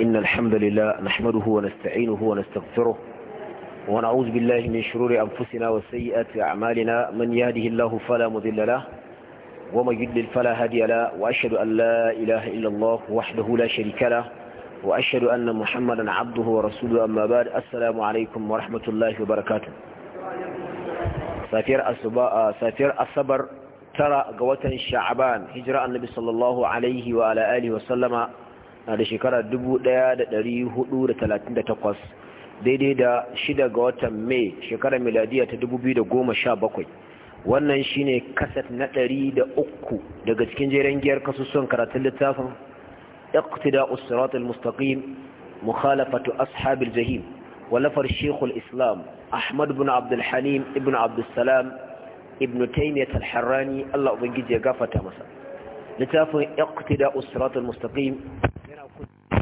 إن الحمد لله نحمده ونستعينه ونستغفره ونعوذ بالله من شرور أنفسنا وسيئات أعمالنا من يهده الله فلا مذل له ومن يدلل فلا هادي له وأشهد أن لا إله إلا الله وحده لا شريك له وأشهد أن محمدا عبده ورسوله أما بعد السلام عليكم ورحمة الله وبركاته سافر أصبر, سافر الصبر ترى قوة شعبان هجرة النبي صلى الله عليه وعلى آله وسلم na da shekara 1438 daidai da shida ga watan mai shekarar miladiya ta sha bakwai wannan shine kaset na ɗari da uku daga cikin jeren giyar kasusun karatun littafin iqtida usrat al-mustaqim mukhalafatu ashabil jahim walafar shekul islam ahmad ibn abd al-halim ibn abd ibn taymiyyah al-harrani Allah ubangiji ya gafarta masa littafin iqtida usrat al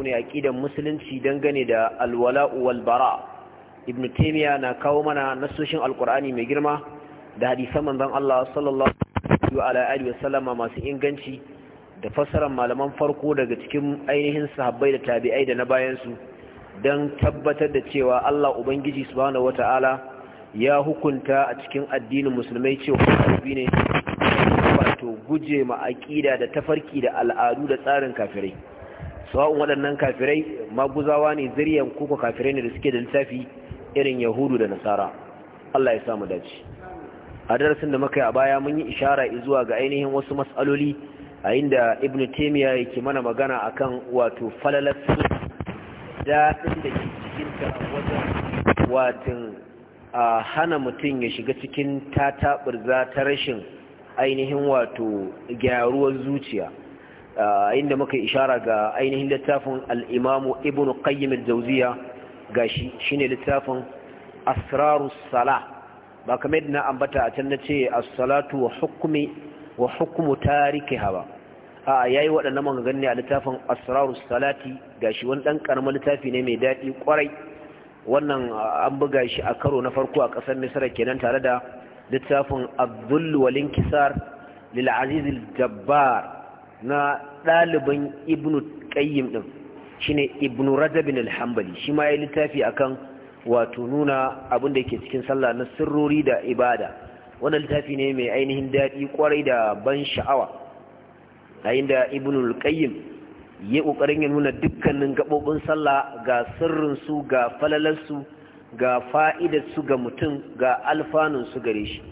ne aqidan musulunci dangane da alwala wal bara ibn taymiya na kawo mana nasoshin alqur'ani mai girma da hadisan manzon Allah sallallahu alaihi wa sallama masu inganci da fassarar malaman farko daga cikin ainihin sahabbai da tabi'ai da na bayansu", don dan tabbatar da cewa Allah ubangiji subhanahu wataala ya hukunta a cikin addinin musulmai cewa ne wato guje ma aqida da tafarki da al'adu da tsarin kafirai sawa'un waɗannan kafirai maguzawa ne zuriyan kuka kafirai ne da suke da littafi irin yahudu da nasara Allah ya samu dace a darasin da muka yi a baya mun yi ishara zuwa ga ainihin wasu matsaloli a inda ibn taymiya yake mana magana akan wato falalar daɗin da ke cikin ta wajen watin a hana mutum ya shiga cikin tataɓurza ta rashin ainihin wato gyaruwar zuciya inda muka ishara ga ainihin littafin al'imamu ibn qayyim al shi, shi ne littafin asrarus sala ba kamar yadda na ambata a can na ce as-salatu wa hukumi wa hukmu tarikiha ba a yayi waɗannan mangani a littafin asrarus salati shi wani ɗan karamin littafi ne mai daɗi kwarai wannan an buga shi a karo na farko a ƙasar misra kenan tare da littafin abdul Kisar lil aziz al-jabbar na ɗaliban Ibn ƙayyim ɗin shi ne Ibn rajabin alhambali shi ma yi littafi a kan wato nuna abin da yake cikin sallah na sirrori da ibada wannan littafi ne mai ainihin daɗi kwarai da ban sha'awa yayin da Ibn ƙayyim ya ƙoƙarin ya nuna dukkanin gaɓoɓin sallah ga sirrinsu, ga falalarsu ga fa'idarsu, ga mutum ga alfanunsu gare shi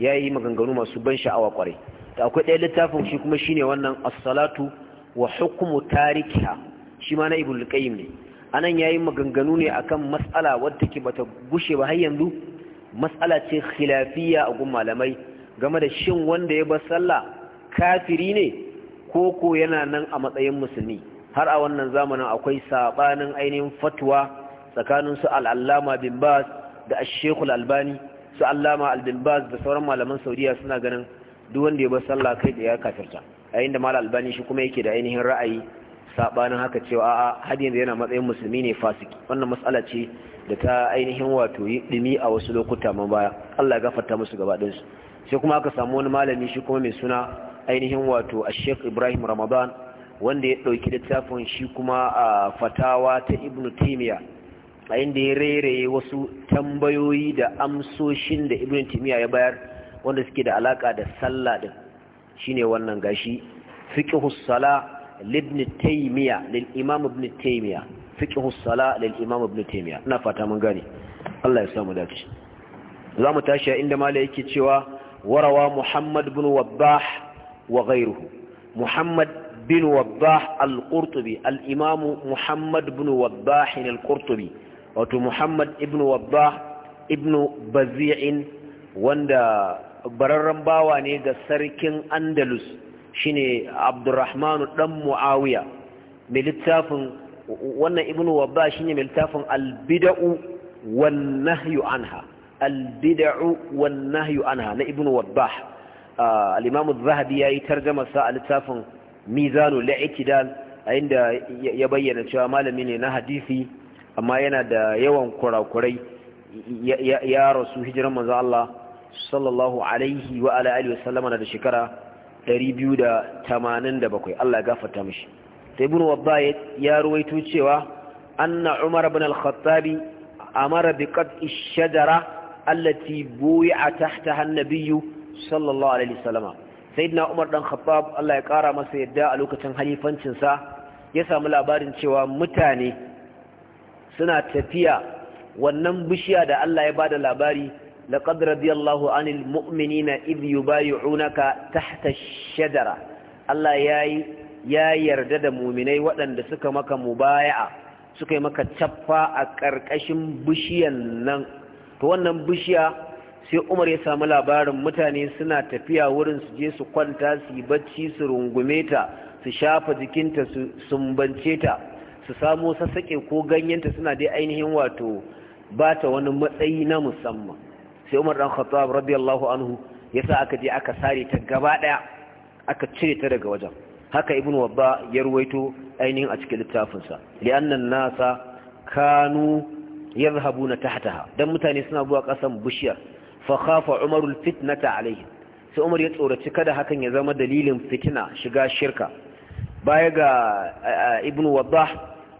Ya yi maganganu masu ban sha'awa ƙwarai. to akwai ɗaya littafin shi kuma shine wannan as-salatu wa hukmu tarikiha shi ma na ibnu qayyim ne anan yayi maganganu ne akan mas'ala wadda ke bata gushe ba har yanzu mas'ala ce khilafiyya a gun malamai game da shin wanda ya bar sallah kafiri ne ko ko yana nan a matsayin musulmi har a wannan zamanin akwai sabanin ainihin fatwa tsakanin su al-allama bin baz da ash-shaykh al-albani su allama al-bin da sauran malaman saudiya suna ganin duk wanda ya bar sallah kai da ya kafirta yayin da mal albani shi kuma yake da ainihin ra'ayi sabanin haka cewa a'a har yanzu yana matsayin musulmi ne fasiki wannan mas'ala ce da ta ainihin wato yi dumi a wasu lokuta man baya Allah ya gafarta musu gaba ɗin su sai kuma aka samu wani malami shi kuma mai suna ainihin wato Sheikh Ibrahim Ramadan wanda ya dauki littafin shi kuma a fatawa ta Ibn Taymiyyah a inda ya rere wasu tambayoyi da amsoshin da Ibn Taymiyyah ya bayar wanda suke da alaka da sallah din shine wannan gashi fiqhus sala ibn taymiya lil imam ibn taymiya fiqhus sala lil imam ibn taymiya ina fata mun gane Allah ya samu dace zamu tashi inda malai yake cewa warawa muhammad ibn wabbah wa ghayruhu muhammad bin wabbah al-qurtubi al-imam muhammad ibn wabbah al-qurtubi wato muhammad ibn wabbah ibn bazi'in wanda bararren bawa ne ga sarkin andalus shine abdurrahmanu dan muawiya mai littafin wannan ibn wabba shine mai littafin albida'u wan nahyu anha albida'u wan nahyu anha na ibn wabba ah, al-imam az-zahabi yayi tarjuma sa a littafin mizanul i'tidal a inda ya bayyana cewa malami ne na hadisi amma yana da yawan kurakurai ya rasu hijiran manzo Allah sallallahu alaihi wa ala alihi wasallama na da shekara 287 Allah ya gafarta mishi sai ibn wadda ya ruwaito cewa anna umar ibn al-khattab amara bi qat'i shajara allati buyi'a tahtaha an-nabiy sallallahu alaihi wasallama sayyidina umar dan khattab Allah ya kara masa yadda a lokacin halifancin sa ya samu labarin cewa mutane suna tafiya wannan bishiya da Allah ya bada labari لقد رضي الله عن المؤمنين إذ Allah تحت yarda da muminai waɗanda suka maka mu سك مك مبايعة سك مك تفا أكركشم بشيا نن wannan bishiya sai Umar ya samu labarin mutane suna tafiya wurin su je su kwanta su yi bacci su rungumeta, ta su shafa jikinta su sumbance ta su samo sassaƙe ko ganyenta suna dai ainihin wato ba ta wani matsayi na musamman sai Umar dan Khattab radiyallahu anhu yasa aka je aka sare ta gaba daya aka cire ta daga wajen haka Ibn Wabba ya ruwaito ainihin a cikin littafin sa li'annan nasa kanu yadhhabuna tahtaha dan mutane suna zuwa kasan bishiyar fa khafa Umar fitnata alaihi sai Umar ya tsoraci kada hakan ya zama dalilin fitina shiga shirka baya ga Ibn Wabba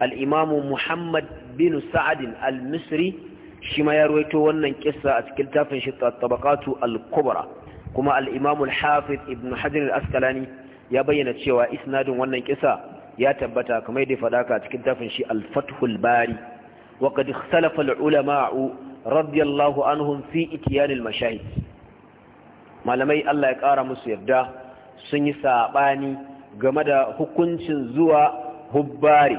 al-Imam Muhammad bin Sa'ad al-Misri shi ma ya ruwaito wannan kissa a cikin tafin shi tabaqatu al-kubra kuma al-imam al-hafiz ibn hajar al-asqalani ya bayyana cewa isnadin wannan kissa ya tabbata kamar da fadaka ka cikin tafin shi al-fathul bari wa qad ikhtalafa al-ulama radiyallahu anhum fi ityan al-mashahid malamai Allah ya kara musu yarda sun yi sabani game da hukuncin zuwa hubbari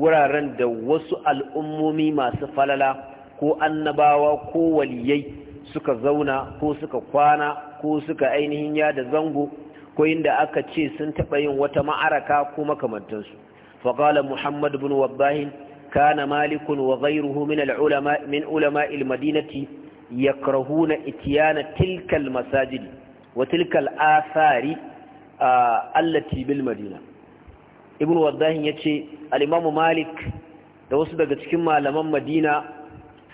wuraren da wasu al'ummomi masu falala ko annabawa ko waliyai suka zauna ko suka kwana ko suka ainihin ya da zango ko inda aka ce sun taɓa yin wata ma'araka ko makamantansu faƙala muhammad bin wabahin kana malikun wa Zairuhu min ulama ilmadinati ya karhuna itiyana tilkal masajidi wa tilkal asari allati bil madina ibn wabahin ya ce alimamu malik da wasu daga cikin malaman madina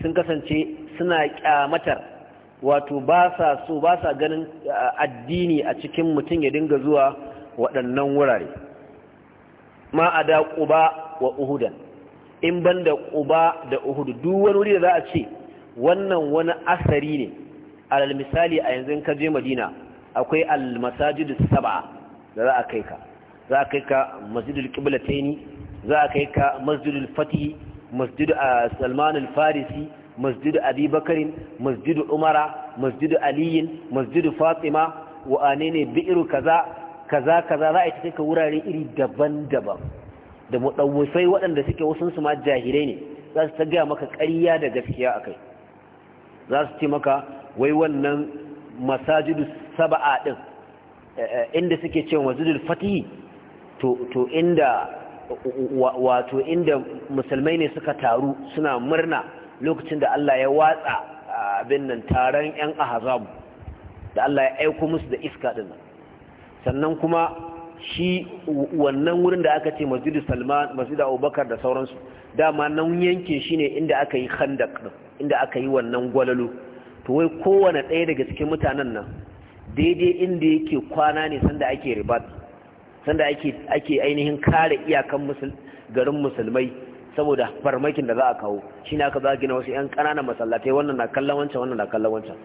sun kasance suna kyamatar wato ba sa so ba sa ganin uh, addini a cikin mutum ya dinga zuwa waɗannan wurare ma a da ƙuba wa uhudan in ban da ƙuba da uhudu duk wani wuri da za a ce wannan wani asari ne alal misali a yanzu ka je madina akwai almasajidu saba da za a kai ka za a kai ka masjidul qiblataini za a kai ka masjidul fatih. masjid a al-farisi masjid abi masjidu masjid umara masjid aliyin masjid fatima wa ne bi'iru kaza kaza kaza za a yi ta wurare iri daban-daban da mudawwasai waɗanda suke wasu ma jahirai ne za su ta gaya maka ƙarya da gaskiya a kai za su ce maka wai wannan masajidu saba'a ɗin eh, eh, inda suke cewa masjidul fatihi to inda wato inda musulmai ne suka taru suna murna lokacin da Allah ya watsa abin nan taron 'yan ahazam da Allah ya aiko musu da iska din sannan kuma shi wannan wurin da aka ce masjidu salman masjidu abubakar da sauransu dama nan yankin shine inda aka yi khandak inda aka yi wannan gwalalo to wai kowane ɗaya daga cikin mutanen nan daidai inda yake kwana ne sanda ake ribat sanda ake ake ainihin kare iyakan musul garin musulmai saboda farmakin da za a kawo shine aka za gina wasu yan kananan masallatai wannan na kallon wancan wannan na kallon wancan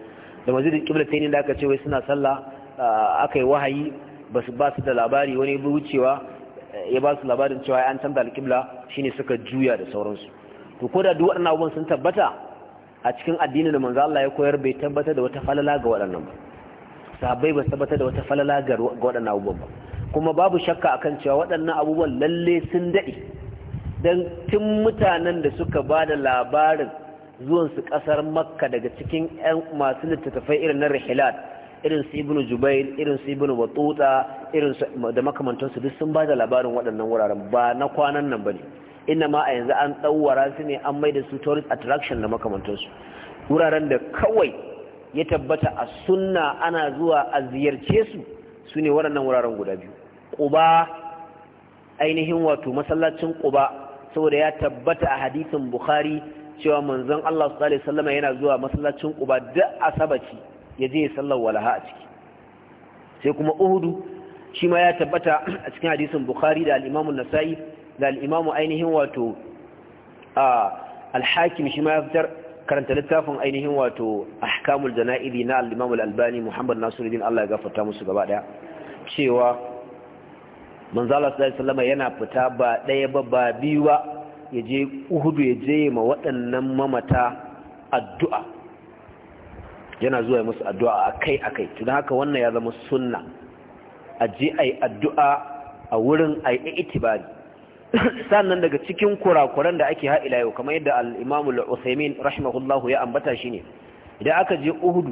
da kibla qiblatain da aka ce wai suna sallah ah, aka yi wahayi su ba su da labari wani bi wucewa eh, ya ba su labarin cewa an canza shi shine suka juya da sauransu to ko da duk waɗannan abubuwan sun tabbata a cikin addinin da manzo Allah ya koyar bai tabbatar da wata falala ga waɗannan ba sahabbai ba su tabbatar da wata falala ga waɗannan abubuwan ba kuma babu shakka akan cewa waɗannan abubuwan lalle sun daɗe don tun mutanen da suka ba da labarin zuwansu ƙasar makka daga cikin 'yan masu littattafai irin na rahilat irin su ibnu jubair irin su ibnu batuta irin su da makamantansu duk sun ba da labarin waɗannan wuraren ba na kwanan nan ba ne ina ma a yanzu an ɗauwara su ne an maida su tourist attraction da makamantansu wuraren da kawai ya tabbata a sunna ana zuwa a ziyarce su su ne waɗannan wuraren guda biyu ƙuba ainihin wato masallacin ƙuba saboda ya tabbata a hadisin bukhari cewa manzon Allah sallallahu alaihi wasallam yana zuwa masallacin Quba duk asabaci ya sallar walaha a ciki sai kuma Uhudu shi ma ya tabbata a cikin hadisin Bukhari da al-Imam nasai da al ainihin wato al-Hakim shi ma ya fitar karanta littafin ainihin wato Ahkamul Janaizi na al al-Albani Muhammad Nasiruddin Allah ya gafarta musu gaba daya cewa manzala sallallahu yana fita ba ɗaya ba ba biyu ba ya je uhudu ya je ma waɗannan mamata addu'a yana zuwa musu addu'a akai akai tun haka wannan ya zama sunna a je ai addu'a a wurin ai itibari sannan daga cikin kurakuran da ake haila yau kamar yadda al-Imam al-Uthaymeen rahimahullahu ya ambata shi ne idan aka je uhudu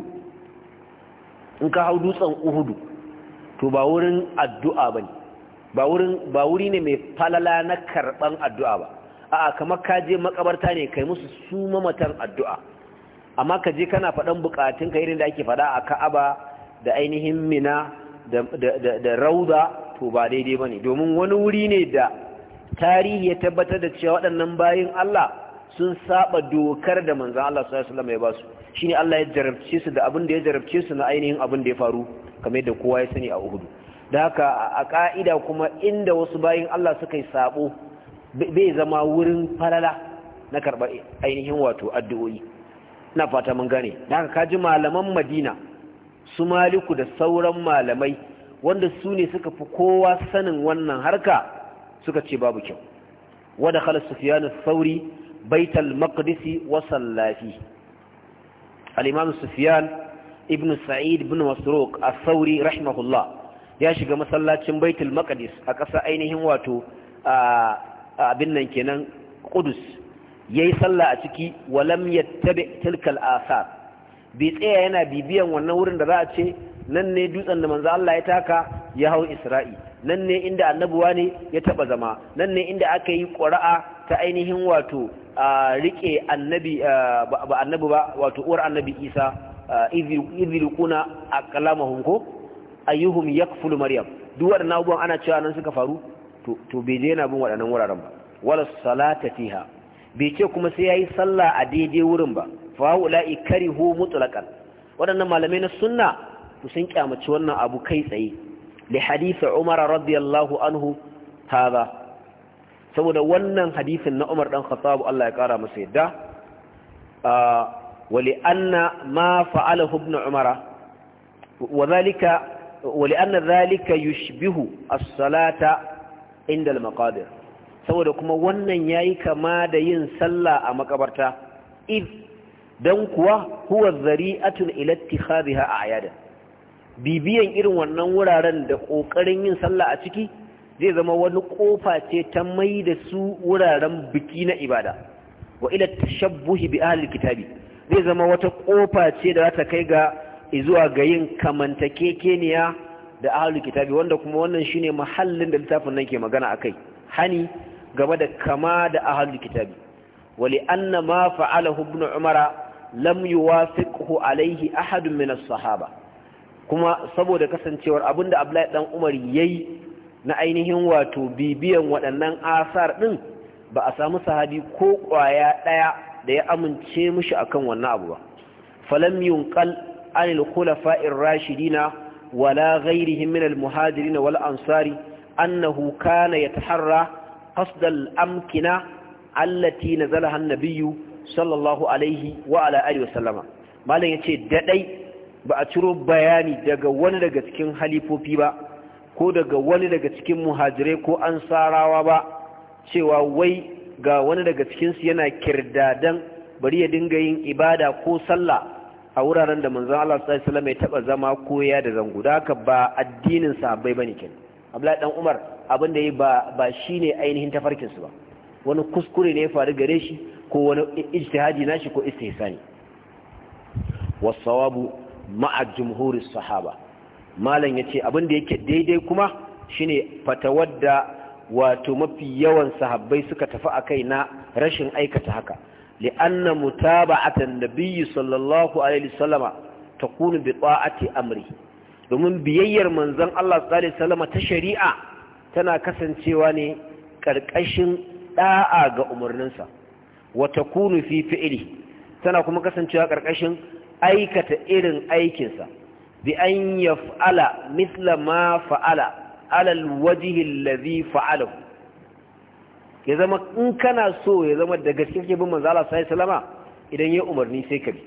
in ka hau dutsen uhudu to ba wurin addu'a bane ba wuri ne mai falala na karɓan addu'a ba a'a kamar ka je makabarta ne kai musu su mamatan addu'a amma ka je kana faɗan buƙatun ka irin da ake faɗa a Ka'aba da ainihin Mina da Rauda to ba daidai ba ne. domin wani wuri ne da tarihi ya tabbatar da cewa waɗannan bayan Allah sun saba dokar da manzan Allah sallallahu alaihi wasu ya shine Allah ya jarabce su da abin da ya jarabce su na ainihin abin da ya faru kamar yadda kowa ya sani a uhudu da haka a ƙa'ida kuma inda wasu bayin Allah suka yi saɓo, bai zama wurin falala na karɓar ainihin wato addu'o'i na fata mun gane da haka kaji malaman madina su maliku da sauran malamai wanda su ne suka fi kowa sanin wannan harka suka ce babu kyau wadda sufiyanu sauri baital maqdisi wasan lafi alimam Sufiyan sufyan ibn sa'id ibn masruq a sauri rahimahullah ya shiga masallacin baitul maqdis a ƙasa ainihin wato abin nan kenan ya yayi sallah a ciki walam yattabi tilkal asar bi tsaya yana bibiyan wannan wurin da za a ce nan ne dutsen da manzo Allah ya taka ya hau Isra'i nan ne inda annabuwa ne ya taba zama nan ne inda aka yi ƙura'a ta ainihin wato rike annabi ba annabi ba wato uwar annabi Isa idh a aqlamahum ko ayyuhum yakfulu maryam duk waɗannan abubuwan ana cewa nan suka faru to bai je yana bin waɗannan wuraren ba wala salata fiha bai ce kuma sai yayi sallah a daidai wurin ba fa ula'i karihu mutlaqan waɗannan malamai na sunna to sun kyamaci wannan abu kai tsaye li hadisi Umar radiyallahu anhu hada saboda wannan hadisin na Umar dan Khattab Allah ya kara masa yadda ah, wa li anna ma fa'alahu ibn Umar wa zalika ولأن ذلك يشبه الصلاة عند المقابر saboda kuma wannan yayi kama da yin sallah a makabarta if dan kuwa huwa zari'atun ila a a'yada bibiyan irin wannan wuraren da ƙoƙarin yin sallah a ciki zai zama wani kofa ce ta mai da su wuraren biki na ibada wa ila tashabbuhi bi ahli kitabi zai zama wata ƙofa ce da za ta kai ga izuwa ga yin kamantakekeniya da ahalu kitabi wanda kuma wannan shine mahallin da littafin nan ke magana akai hani gaba da kama da ahalu kitabi wali anna ma fa'alahu ibn umara lam yuwafiqhu alayhi ahadun min as-sahaba kuma saboda kasancewar da Abdullahi dan Umar yayi na ainihin wato bibiyan waɗannan asar ɗin ba a samu sahabi ko ƙwaya ɗaya da ya amince mushi akan wannan abu ba falam yunqal anil in rashidina wala ghairihim min al muhajirin wal ansari annahu kana yataharra qasd al amkina allati nazalaha an-nabiy sallallahu alaihi wa ala wa sallama malam yace dadai ba a ciro bayani daga wani daga cikin halifofi ba ko daga wani daga cikin muhajirai ko ansarawa ba cewa wai ga wani daga cikinsu yana kirdadan bari ya dinga yin ibada ko sallah a wuraren da manzon Allah sallallahu alaihi ya taba zama koya da zango da haka ba addinin sahabbai bane kin Abdullahi dan Umar abin da yi ba ba shine ainihin tafarkin su ba wani kuskure ne ya faru gare shi ko wani ijtihadi nashi ko istihsani was-sawabu ma'a jumhuris sahaba malam yace abin da yake daidai kuma shine fatawadda wato mafi yawan sahabbai suka tafi akai na rashin aikata haka li'anna mutaba'atan nabiyyi sallallahu alaihi wasallama takunu bi ta'ati amri domin biyayyar manzon Allah ta shari'a tana kasancewa ne ƙarƙashin da'a ga umarninsa wa takunu fi fi'li tana kuma kasancewa ƙarƙashin aikata irin aikinsa bi an yaf'ala mithla ma fa'ala alal wajhi alladhi fa'alahu ya zama in kana so ya zama da gaske kake bin manzo Allah sallallahu idan ya umarni sai ka bi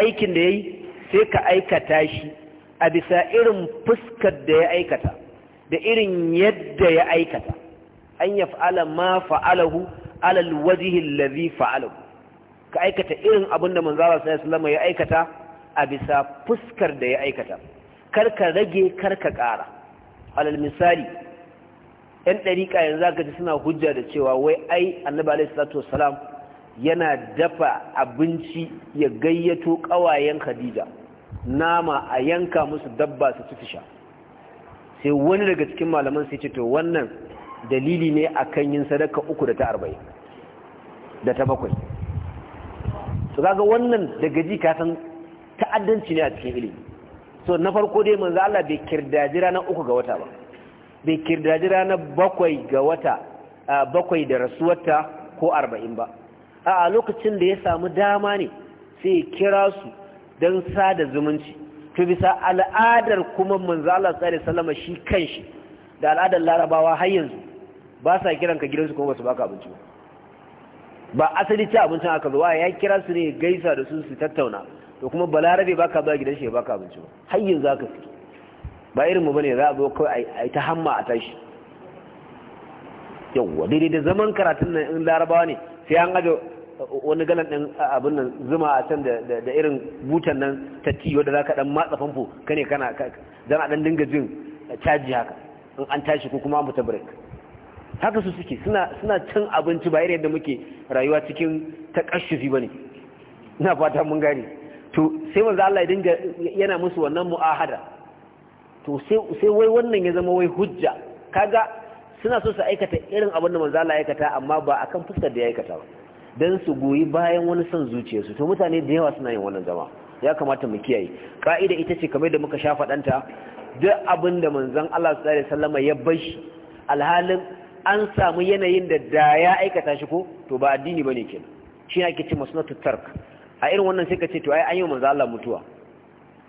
aikin da yayi sai ka aikata shi a bisa irin fuskar da ya aikata da irin yadda ya aikata an fa’ala ma fa'alahu ala alwajhi alladhi fa'alahu ka aikata irin abin da manzo Allah salama ya aikata a bisa fuskar da ya aikata kar ka rage kar ka ƙara alal misali yan ɗariƙa yanzu aka ji suna hujja da cewa wai ai annabi alaihi salatu wasalam yana dafa abinci ya gayyato ƙawayen khadija nama a yanka musu dabba su ci sha sai wani daga cikin malaman sai ce to wannan dalili ne akan yin sadaka uku da ta arba'in da ta bakwai su kaga wannan daga ji ka ta'addanci ne a cikin ilimi so na farko dai manzo Allah bai kirdaji ranar uku ga wata ba bai kirdaji ranar bakwai ga wata bakwai da rasuwarta ko arba'in ba a lokacin da ya samu dama ne sai ya kira su don sada zumunci to bisa al'adar kuma manzo Allah salama shi kanshi da al'adar larabawa har yanzu ba sa kiran ka gidansu kuma basu baka abinci ba asali ci abincin aka zuwa ya kira su ne gaisa da su su tattauna to kuma balarabe baka ba gidan shi ya baka abinci ba har yanzu aka fiki ba irin mu bane za a zo kawai a ta hamma a tashi Yau, daidai da zaman karatun nan in larabawa ne sai an ajo uh, wani galan ɗin uh, abin nan zuma a can da irin butan nan ta tiyo da za ka ɗan matsa famfo ka ne kana zan a ɗan dinga jin uh, caji haka in an tashi ko kuma mu ta break haka su suke suna cin abinci ba irin yadda muke rayuwa cikin ta kashufi ba ne ina fata mun gane to sai manzo Allah ya dinga yana musu wannan mu'ahada to sai wai wannan ya zama wai hujja kaga suna so su aikata irin abin da manzo Allah aikata amma ba akan fuskar da ya aikata ba dan su goyi bayan wani son zuciyarsu to mutane da yawa suna yin wannan zama ya kamata mu kiyaye ka'ida ita ce kamar da muka sha fadanta duk abin da manzon Allah sallallahu alaihi wasallam ya bashi alhalin an samu yanayin da da ya aikata shi ko to ba addini bane kenan shi ake ce masnatu tark a irin wannan sai ka ce to ai an yi manzo Allah mutuwa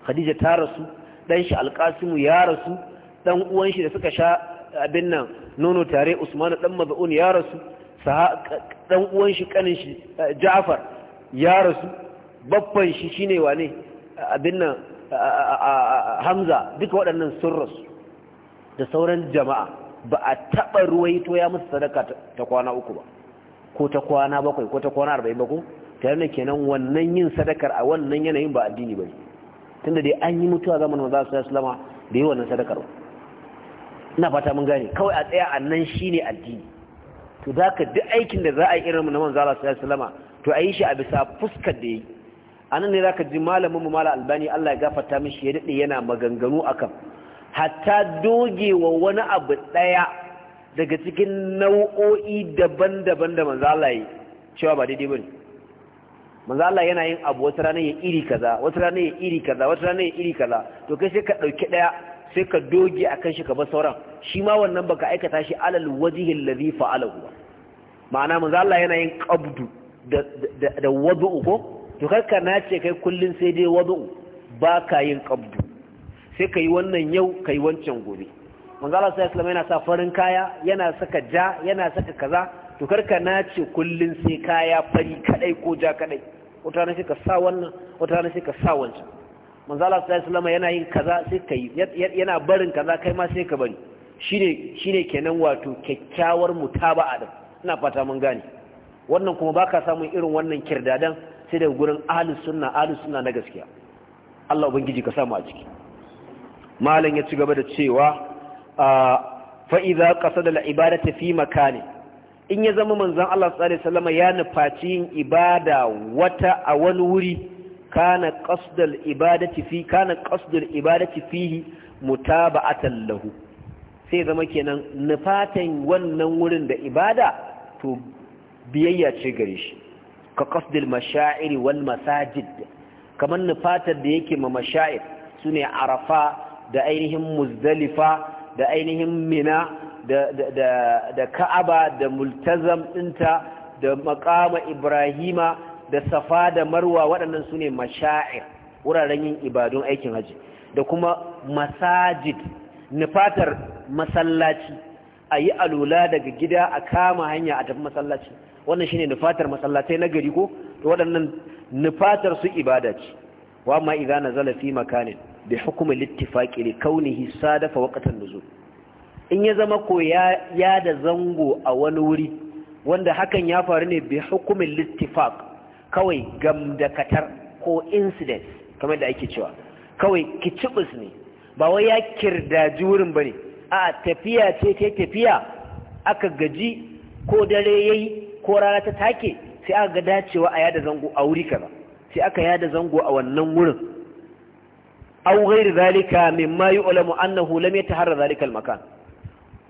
Khadija ta rasu dan shi alqasimu ya rasu dan uwan shi da suka sha abin nan nono tare usmanu dan maz'un ya rasu dan uwan shi kanin shi eh, ja'far ya rasu babban shi shine wane abin nan hamza duka waɗannan sun rasu da sauran jama'a ba a taɓa to ya musu sadaka ta kwana uku ba ko ta kwana bakwai ko ta kwana arba'in ba ko tare da kenan wannan yin sadakar a wannan yanayin ba addini ba ne tunda dai an yi mutuwa zamanin manzo su alaihi da yi wannan sadakar ina fata mun gane kawai a tsaya annan shine addini to ka duk aikin da za a yi irin na manzo sallallahu alaihi wasallam to a yi shi a bisa fuskar da yi anan ne zaka ji malamin mu mala albani Allah ya gafarta mishi ya dade yana maganganu akan hatta dogewa wani abu daya daga cikin nau'o'i daban-daban da manzo Allah cewa ba daidai bane manzo Allah yana yin abu wata rana ya iri kaza wata rana ya iri kaza wata rana ya iri kaza to kai sai ka dauki daya sai ka doge akan shi ka bar sauran shi ma wannan baka aikata shi alal wajhi alladhi fa'alahu ma'ana manzo Allah yana yin qabdu da da wadu'u ko to ka nace kai kullun sai dai wadu'u ka yin qabdu sai kai wannan yau kai wancan gobe manzo Allah sallallahu yana sa farin kaya yana saka ja yana saka kaza to karka ce kullun sai kaya fari kadai ko ja kadai wata rana sai ka sa wannan wata rana sai ka sa wancan manzo Allah sallallahu alaihi wasallam yana yin kaza sai ka yi yana barin kaza kai ma sai ka bari shine shine kenan wato kyakkyawar a dan ina fata mun gane wannan kuma baka samun irin wannan kirdadan sai daga gurin ahlus sunna ahlus sunna na gaskiya Allah ubangiji ka samu a ciki malam ya ci gaba da cewa ah, fa idza qasada al ibadata fi makani in ya zama manzon Allah sallallahu alaihi ya nufaci yin ibada wata a wani wuri kana qasdul ibadati fi kana qasdul ibadati fihi mutaba'atan lahu sai zama kenan nufatan wannan wurin da ibada to biyayya ce gare shi ka qasdul mashaa'ir wal masajid kamar nufatar da yake ma mashaa'ir sune arafa da ainihin muzdalifa da ainihin mina da ka'aba da multazam ɗinta da makama ibrahima da safa da marwa waɗannan su ne masha'ir wuraren yin ibadun aikin hajji da kuma masajid nufatar masallaci a yi alula daga gida a kama hanya a tafi masallaci wannan shine nufatar masallatai na gari ko to waɗannan nufatar su ibada ce wa ma idza nazala fi makanin bi hukmi al-ittifaqi li kaunihi sadafa waqtan nuzul in ya zama ko ya da zango a wani wuri wanda hakan ya faru ne bi hukumin littifak kawai gamdakatar ko incident kamar da ake cewa kawai kicibus ne ba wai ya kirdaji wurin ba ne a tafiya ce ta tafiya aka gaji ko dare ya yi ko rana ta take sai aka ga dacewa a yada zango a wuri kaza sai aka yada zango a wannan wurin au ghairu zalika mimma yu'lamu annahu lam yataharra zalika al-makan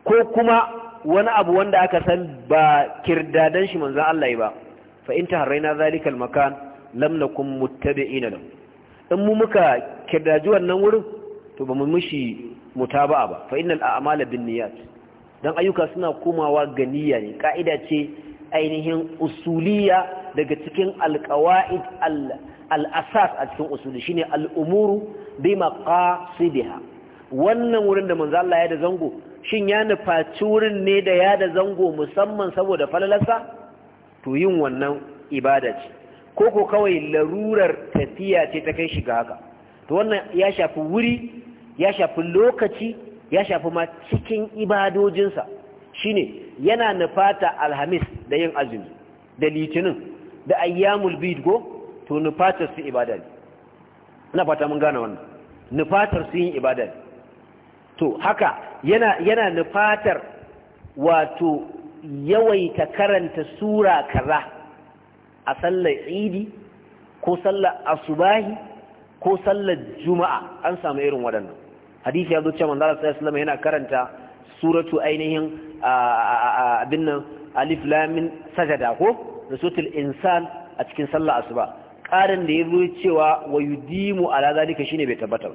ko kuma wani abu wanda aka san ba kirdadan shi manzan Allah ba fa in taharraina zalikal makan lam nakum muttabi'ina lahu in mu muka kirdaji wannan wurin to ba mu mishi mutaba'a ba fa innal a'mala niyyat dan ayyuka suna komawa ga niyya ne ka'ida ce ainihin usuliya daga cikin alqawaid al-asas a cikin usuli shine al-umuru bima maqasidiha wannan wurin da manzo Allah ya da zango shin ya nufaci wurin ne da ya da zango musamman saboda falalarsa to yin wannan ibada ce ko ko kawai larurar tafiya ce ta kai shiga haka to wannan ya shafi wuri ya shafi lokaci ya shafi ma cikin ibadojinsa shine yana nufata alhamis da yin azumi da litinin da ayyamul bid go to nufatar su ibada ne ina fata mun gane wannan nufatar su yin ibada ne to haka yana yana nufatar wato yawaita karanta sura kaza a sallar idi ko sallar asubahi ko sallar juma'a an samu irin waɗannan hadisi ya zo cewa manzo sallallahu alaihi wasallam yana karanta suratu ainihin abin nan alif lam min sajada ko da suratul insan a cikin sallar asuba ƙarin da ya zo cewa wa yudimu ala zalika shine bai tabbata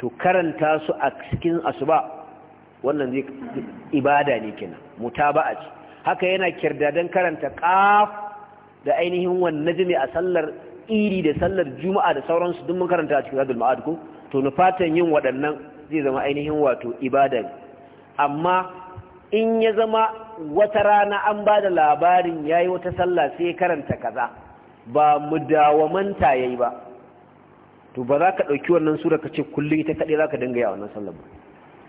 to karanta su a cikin asuba wannan zai ibada ne kenan mutaba'a ce haka yana kirdadan karanta qaf da ainihin wannan najmi a sallar iri da sallar juma'a da sauransu duk mun karanta a cikin zadul ma'ad ko to fatan yin waɗannan zai zama ainihin wato ibada amma in ya zama wata rana an ba da labarin yayi wata sallah sai karanta kaza ba mudawamanta yayi ba to ba za ka ɗauki wannan sura ka ce kullum ita kaɗai za ka dinga yawa wannan sallah ba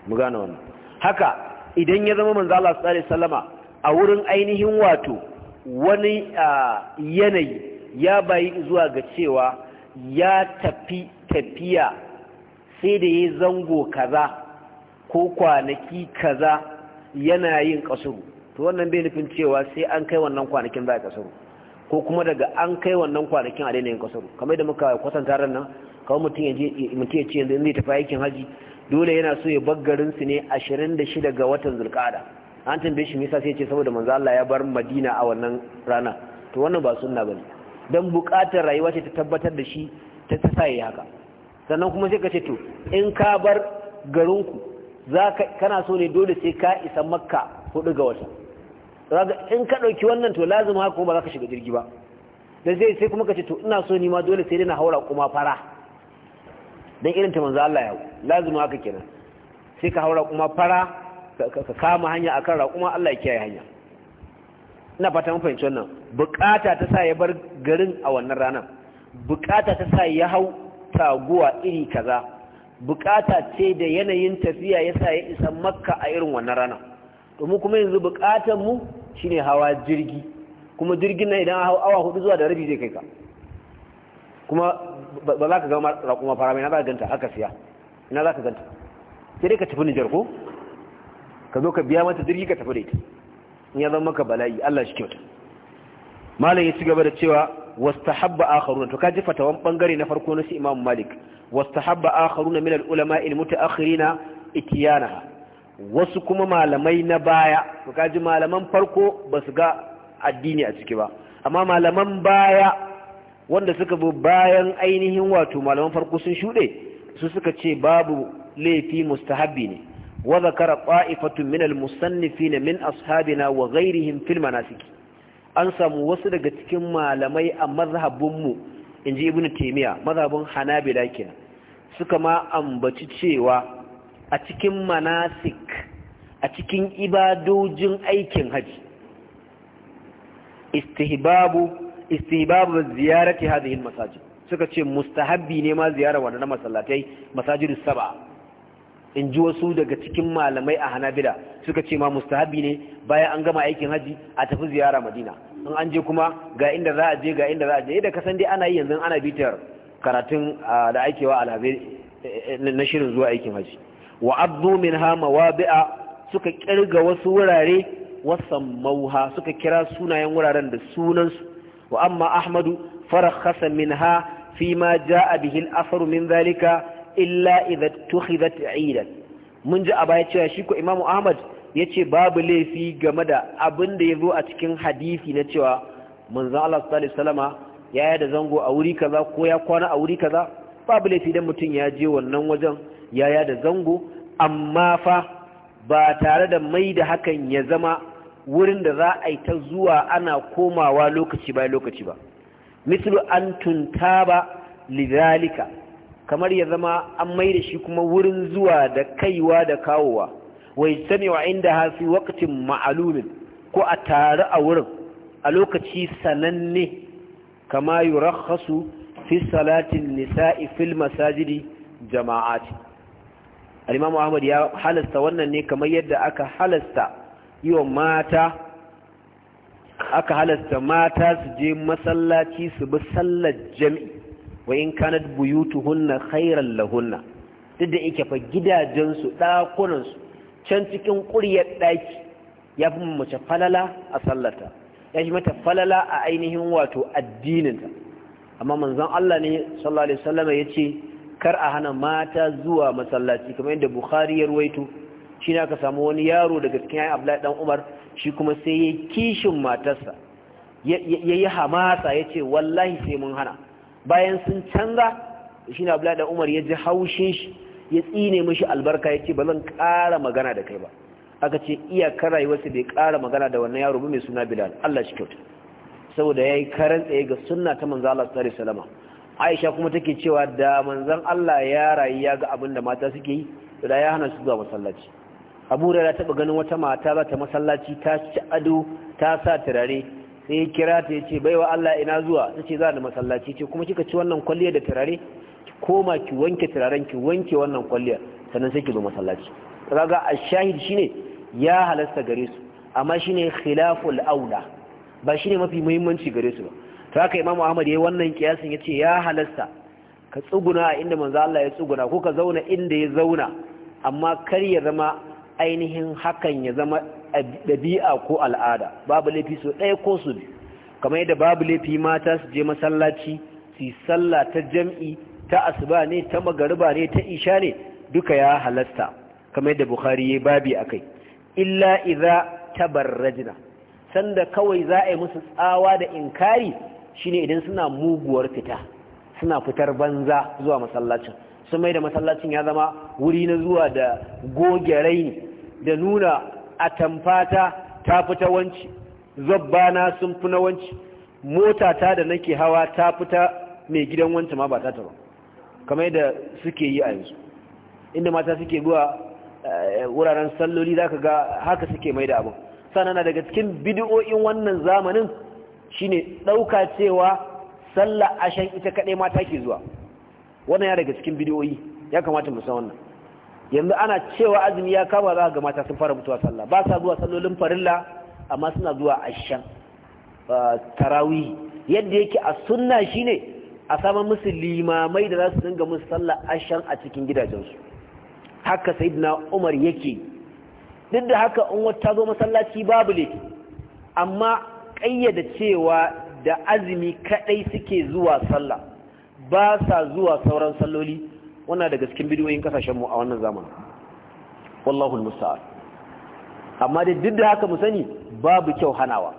mu gane wannan haka idan ya zama manzo Allah sallallahu alaihi wasallama a wurin ainihin wato wani yanayi ya bayi zuwa ga cewa ya tafi tafiya sai da ya zango kaza ko kwanaki kaza yana yin kasuru to wannan bai nufin cewa sai an kai wannan kwanakin za a kasuru ko kuma daga an kai wannan kwanakin a daina yin kasuru kamar da muka kwatanta ran nan kawai mutum ya ce yanzu zai tafi aikin haji dole yana so ya baggarin su ne 26 ga watan zulqada. an tambaye shi Misa sai ya ce saboda manzo Allah ya bar Madina a wannan rana to wannan ba sunna bane dan buƙatar rayuwa ce ta tabbatar da shi ta tsaya yi haka sannan kuma sai ka ce to in ka bar garinku zaka kana so ne dole sai ka isa Makka hudu ga wata in ka ɗauki wannan to lazim haka kuma ba za ka shiga jirgi ba dan sai sai kuma ka ce to ina so ni ma dole sai dai na haura kuma fara don irin ta manzo Allah ya lazima haka kenan sai ka haura kuma fara ka kama hanya akan raƙuma Allah ya kiyaye hanya ina fata mun fahimci wannan bukata ta sa ya bar garin a wannan ranar bukata ta sa ya hau taguwa iri kaza bukata ce da yanayin tafiya ya sa ya isa makka a irin wannan rana domin kuma yanzu bukatar mu shine hawa jirgi kuma jirgin nan idan hau awa hudu zuwa da rabi zai kai ka kuma ba za ka ga raƙuma fara mai na ba ganta aka siya ina za ka ganta sai dai ka tafi nijar ko ka zo ka biya mata jirgi ka tafi da ita in ya zama maka bala'i Allah shi kyauta malam ya ci gaba da cewa a akharuna to kaji fatawan bangare na farko na su Imam Malik wastahabba akharuna min al-ulama al-mutaakhirina itiyanaha wasu kuma malamai na baya to kaji malaman farko basu ga addini a ciki ba amma malaman baya wanda suka bi bayan ainihin wato malaman farko sun shuɗe. su suka ce babu laifi mustahabbi ne wa zakara qa'ifatun min al-musannifin min ashabina wa ghairihim fil manasiki an samu wasu daga cikin malamai a mazhabin mu inji ibnu taymiya mazhabin hanabila kenan suka ma ambaci cewa a cikin manasik a cikin ibadojin aikin haji istihbabu istihbabu ziyarati hadhihi al-masajid suka ce mustahabbi ne ma ziyara wannan masallatai masajidu saba in ji wasu daga cikin malamai a Hanabila suka ce ma mustahabbi ne bayan an gama aikin haji a tafi ziyara Madina in an je kuma ga inda za a je ga inda za a je yadda kasan dai ana yi yanzu ana bitar karatun da aikewa alhabe eh, eh, na shirin zuwa aikin haji wa abdu minha mawabi'a suka kirga wasu wurare wasan mauha suka kira sunayen wuraren da sunansu wa amma ahmadu farakhasa minha Fima ja فيما جاء به الأثر من ذلك إلا إذا اتخذت عيدا من جاء بايتشا شيكو Ahmad ya ce babu laifi game da abin da ya zo a cikin hadisi na cewa manzon Allah sallallahu ya da zango a wuri kaza ko ya kwana a wuri kaza babu laifi dan mutum ya je wannan wajen ya da zango amma fa ba tare da mai da hakan ya zama wurin da za a yi ta zuwa ana komawa lokaci baya lokaci ba mislu an tuntaba lidhalika kamar ya zama an maida shi kuma wurin zuwa da kaiwa da kawowa wai wa inda fi wakatin ma'alumin ko a tare a wurin a lokaci sananne kama rakhasu fi salatin nisa'i fil masajidi jama'ati al-imam ahmad ya halasta wannan ne kamar yadda aka halasta yiwa mata aka halatta mata su je masallaci su bi sallar jami'i wa in kanat buyutuhunna khairan lahunna duk da yake fa gidajensu su can cikin ƙuryar daki. ya fi mace falala a sallata ya fi mata falala a ainihin wato addininta amma manzon Allah ne sallallahu alaihi wasallam ya ce kar a hana mata zuwa masallaci kamar yadda Bukhari ya ruwaito shi ne aka samu wani yaro daga cikin ayi Abdullahi dan Umar shi kuma sai ya kishin matarsa ya yi hamasa ya ce wallahi sai mun hana bayan sun canza shi na da umar ya ji haushin shi ya tsine mashi albarka ya ce ba zan ƙara magana da kai ba aka ce iyakar rayuwarsa bai kara magana da wannan yaro mai suna bilal allah shi kyauta saboda ya yi karan tsaye ga sunna ta manzan allah salama aisha kuma take cewa da manzan allah ya rayu ya ga abin da mata suke yi da ya hana su zuwa masallaci abu ya taɓa ganin wata mata za ta masallaci ta ci ado ta sa turare sai ya kira ta ya ce bai wa Allah ina zuwa ta ce za da masallaci ce kuma kika ci wannan kwalliyar da turare ki koma ki wanke turaren ki wanke wannan kwalliyar sannan sai ki zo masallaci kaga a shahid shine ya halasta gare su amma shine khilaful aula ba shine mafi muhimmanci gare su ba ta haka imamu ahmad yayi wannan kiyasin yace ya halasta ka tsuguna inda manzo Allah ya tsuguna ko ka zauna inda ya zauna amma kar ya zama ainihin hakan ya zama ɗabi'a ko al'ada babu laifi so ɗaya ko su biyu kamar yadda babu laifi mata su je masallaci su sallah ta jam'i ta asuba ne ta magariba ne ta isha ne duka ya halasta kamar yadda bukhari ya babi akai illa idza tabarrajna sanda kawai za a yi musu tsawa da inkari shine idan suna muguwar fita suna fitar banza zuwa masallacin sun mai da masallacin ya zama wuri na zuwa da goge raini da nuna a tamfata ta fita wanci, wanci na sun fi na wanci motata da nake hawa ta fita mai gidan wanci ma ba ta ta ba kamar yadda suke yi a yanzu inda mata suke zuwa eh, wuraren salloli za ka ga haka suke mai da abin sanana daga cikin bidiyo'in wannan zamanin shine ɗauka cewa sallah ashen ita kaɗai mata ke zuwa wannan ya daga cikin bidiyoyi ya kamata mu san wannan yanzu ana cewa azumi ya kama za ga mata sun fara mutuwa sallah ba sa zuwa sallolin farilla amma suna zuwa ashan tarawih yadda yake a sunna shine a saman musu limamai da za su dinga musu sallah ashen a cikin gidajensu haka sayyidina umar yake duk da haka in wata zo masallaci babu laifi amma kayyada cewa da azumi kadai suke zuwa sallah ba sa zuwa sauran salloli wannan daga cikin bidiyoyin kasashen mu a wannan zamanin wallahu almusta'an amma da duk da haka mu sani babu kyau hanawa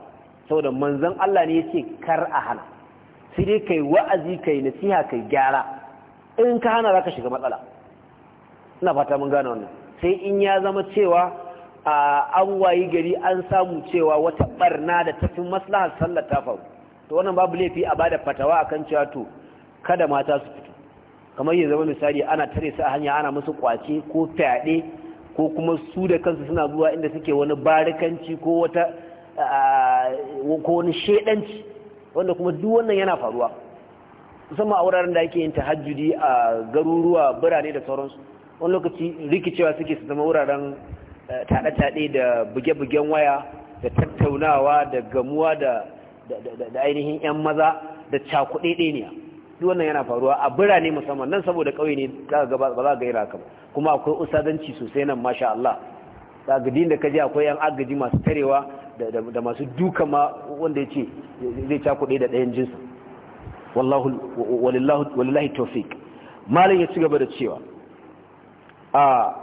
saboda manzon Allah ne yake kar a hana sai dai kai wa'azi kai nasiha kai gyara in ka hana zaka shiga matsala ina fata mun gane wannan sai in ya zama cewa an wayi gari an samu cewa wata barna da tafi maslahar sallar ta faru to wannan babu laifi a bada fatawa akan cewa to kada mata su fito kamar ya zama misali ana tare su a hanya ana musu kwace ko fyaɗe ko kuma su da kansu suna zuwa inda suke wani barikanci ko wata ko wani shedanci wanda kuma duk wannan yana faruwa musamman a wuraren da ake yin tahajjudi a garuruwa birane da sauransu wani lokaci rikicewa suke su zama wuraren eh, taɗe-taɗe da buge-bugen waya da tattaunawa da gamuwa da ainihin 'yan maza da cakuɗe ɗeniya wannan yana faruwa a birane musamman nan saboda kauye ne za gaba ba za ka yi raka kuma akwai usadanci sosai nan masha Allah za ga din da ka akwai yan agaji masu tarewa da masu duka ma wanda ya ce zai cakuɗe da ɗayan jinsa wallahi walillahi tawfiq malam ya ci gaba da cewa a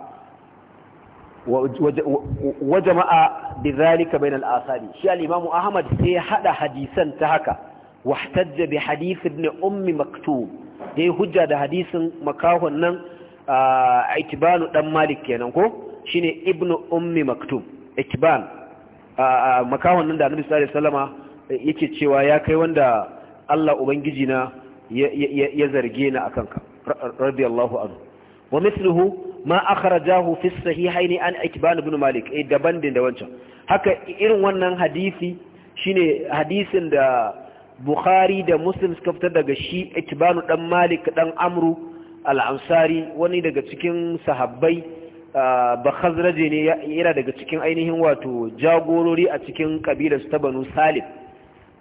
wa jama'a bi zalika bainal asari shi al ahmad sai hada hadisan ta haka wahtajja bi hadith ibn ummi maktub yayi hujja da hadisin makahon nan itibanu dan malik kenan ko shine ibn ummi maktub itiban makahon nan da annabi sallallahu alaihi wasallama yake cewa ya kai wanda Allah ubangiji na ya zarge ni akan ka radiyallahu anhu wa mithluhu ma akhrajahu fi sahihaini an itban ibn malik eh daban din da wancan haka irin wannan hadisi shine hadisin da bukhari da muslim suka fitar daga shi itibanu dan malik dan amru al-ansari wani daga cikin sahabbai bakhazraje ne yana daga cikin ainihin wato jagorori a cikin kabilar ta banu salim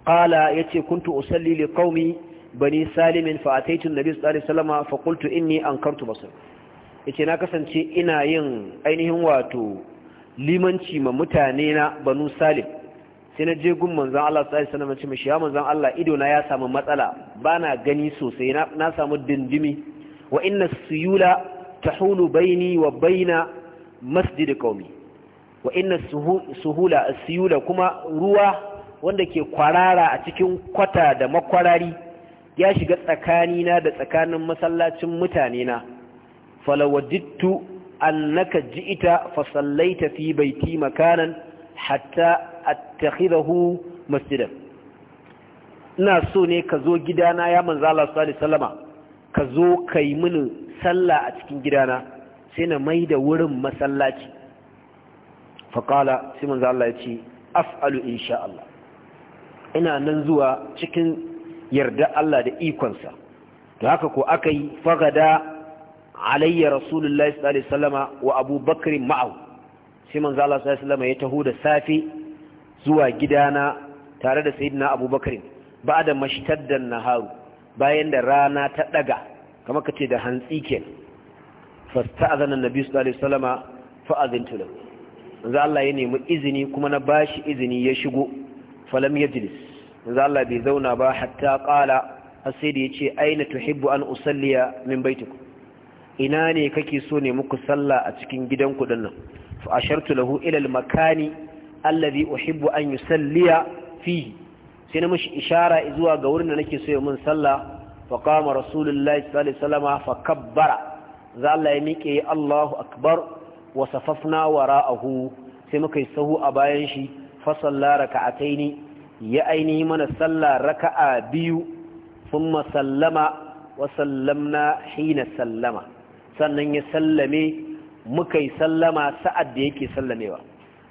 qala yace kuntu usalli li qaumi bani salim fa ataitu nabi sallallahu alaihi wasallam fa qultu inni ankartu basar yace na kasance ina yin ainihin wato limanci ma mutane na banu salim sai na je gun manzon Allah sallallahu alaihi wasallam ce mishi ya Allah ido na ya samu matsala bana gani sosai na samu dindimi wa inna suyula tahulu baini wa baina masjid qaumi wa inna suhula suyula kuma ruwa wanda ke kwarara a cikin kwata da makwarari ya shiga tsakanina da tsakanin masallacin mutane na falawadittu annaka ji'ita fa sallaita fi baiti makanan hatta attakhidahu masjidan ina so ne ka zo gidana ya manzo Allah sallallahu alaihi wasallama ka zo kai mini sallah a cikin gidana sai na mai da wurin masallaci faqala sai manzo Allah ya ce af'alu insha Allah ina nan zuwa cikin yarda Allah da ikonsa da haka ko aka yi fagada alayya rasulullahi sallallahu alaihi wasallama wa abubakar ma'a sai manzo Allah sallallahu alaihi wasallama ya taho da safi zuwa gidana tare da sayyidina abubakar ba da mashtaddan naharu bayan da rana ta daga kamar ce da hantsi ke zanen annabi sallallahu alaihi Salama fa’azin lahu za Allah ya nemi izini kuma na bashi izini ya shigo falam yajlis za Allah bai zauna ba hatta ƙala. har sai da yace aina tuhibbu an usalliya min baitikum ina ne kake so ne muku sallah a cikin gidanku dinnan fa fa'ashar lahu ilal makani allazi uhibbu an yusalliya fihi sai na mishi ishara zuwa ga wurin da nake so ya mun sallah fa qama rasulullahi sallallahu alaihi wasallam fa kabbara za Allah ya miƙe Allahu akbar wa safafna wara'ahu sai muka yi sahu a bayan shi fa salla raka'ataini ya ainihi mana sallah raka'a biyu thumma sallama wa sallamna hina sallama sannan ya sallame muka yi sallama sa'ad da yake sallamewa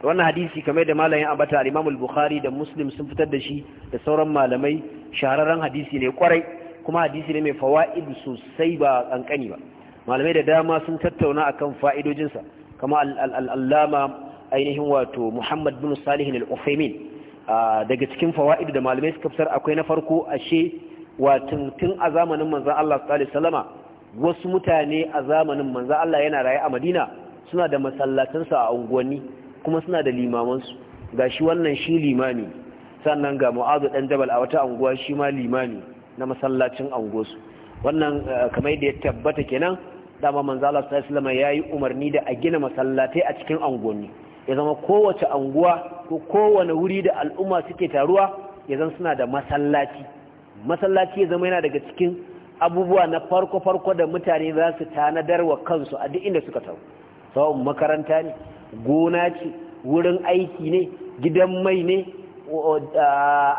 wannan hadisi kamar da malamin ambata al-Imam al-Bukhari da Muslim sun fitar da shi da sauran malamai shahararren hadisi ne kwarai kuma hadisi ne mai fawaid sosai ba kankani ba malamai da dama sun tattauna akan sa kama al-Allama ainihin wato Muhammad bin Salih al-Uthaymeen daga cikin fawaid da malamai suka fitar akwai na farko ashe wato tun a zamanin manzon Allah sallallahu alaihi wasallama wasu mutane a zamanin manzon Allah yana raye a Madina suna da masallatansa a unguwanni kuma suna da limamansu ga shi wannan shi limami sannan ga mu'azu ɗan jabal a wata anguwa shi ma limami na masallacin anguwarsu wannan eh, kamar yadda ya tabbata kenan dama manzo Allah sallallahu alaihi yayi umarni da a gina masallatai a cikin anguwanni ya zama kowace anguwa ko kowane wuri da al'umma suke taruwa ya zama suna da masallaci masallaci ya zama yana daga cikin abubuwa na farko farko da mutane za su tanadar wa kansu a duk inda suka taru sawa'un makaranta ne gona ce wurin aiki ne gidan mai ne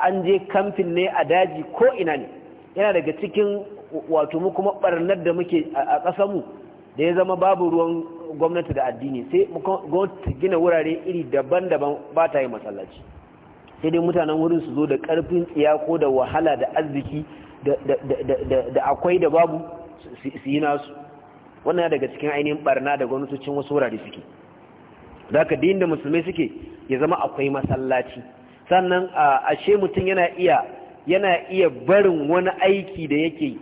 an je kamfin ne a daji ko ina ne yana daga cikin wato mu kuma barnar da muke a ƙasanmu da ya zama babu ruwan gwamnati da addini sai gwamnati gina wurare iri daban-daban ba ta yi masallaci sai dai mutanen wurin su zo da ƙarfin tsiya ko da wahala da arziki da akwai da babu su yi nasu wannan daga cikin ainihin barna da gwamnatocin wasu wurare suke Da din da musulmai suke ya zama akwai masallaci sannan ashe mutum yana iya yana iya barin wani aiki da yake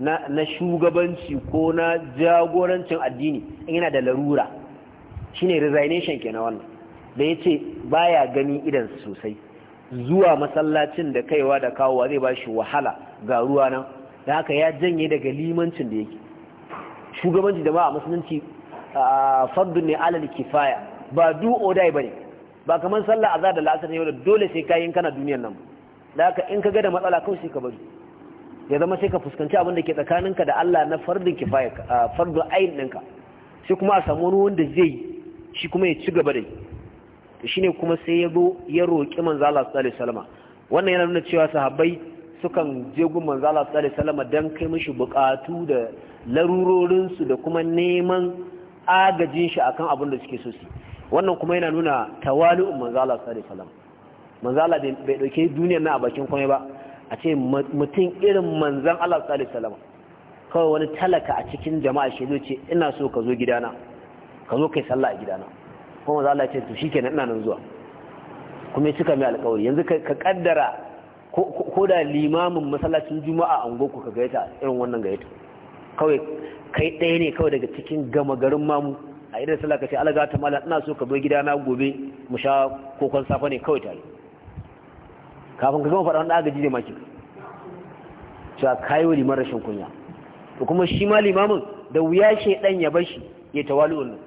na, shugabanci ko na jagorancin addini in yana da larura shine resignation na wannan da ya ce ba ya gani idan sosai zuwa masallacin da kaiwa da kawowa zai bashi wahala ga ruwa nan da haka ya janye daga limancin da yake shugabanci da ba a musulunci fardun ne alal kifaya ba du odai bane ba kamar sallah azza da la'asar ne wanda dole sai kayin kana duniyar nan da haka in ka ga da matsala kawai sai ka bari ya zama sai ka fuskanci abin da ke tsakaninka da Allah na fardun kifaya fardun ayin ɗinka sai kuma a samu wani wanda zai shi kuma ya ci gaba da to shine kuma sai ya zo ya roƙi manzo Allah sallallahu alaihi wasallam wannan yana nuna cewa sahabbai sukan je gun manzo Allah sallallahu alaihi wasallam dan kai mishi buƙatu da larurorinsu da kuma neman agajin shi akan abin da suke so su wannan kuma yana nuna tawali'un manzo Allah sallallahu alaihi wasallam manzo bai dauke duniyar na a bakin komai ba a ce mutum irin manzan Allah sallallahu alaihi wasallam kawai wani talaka a cikin jama'a shi zo ce ina so ka zo gidana ka zo kai sallah a gidana kuma manzo ya ce to shikenan ina nan zuwa kuma ya cika mai alƙawari yanzu ka kaddara ko da limamin masallacin juma'a a goku ka gaita irin wannan gaita kawai kai ɗaya ne kawai daga cikin gama garin mamu a idan sallah ka ce alaga ta mala ina so ka zo na gobe mu sha kokon safa ne kawai tare kafin ka gama faɗa wani agaji ne maki cewa kayi wa liman rashin kunya to kuma shi ma limamin da wuya shi ɗan ya bar shi ya tawali wannan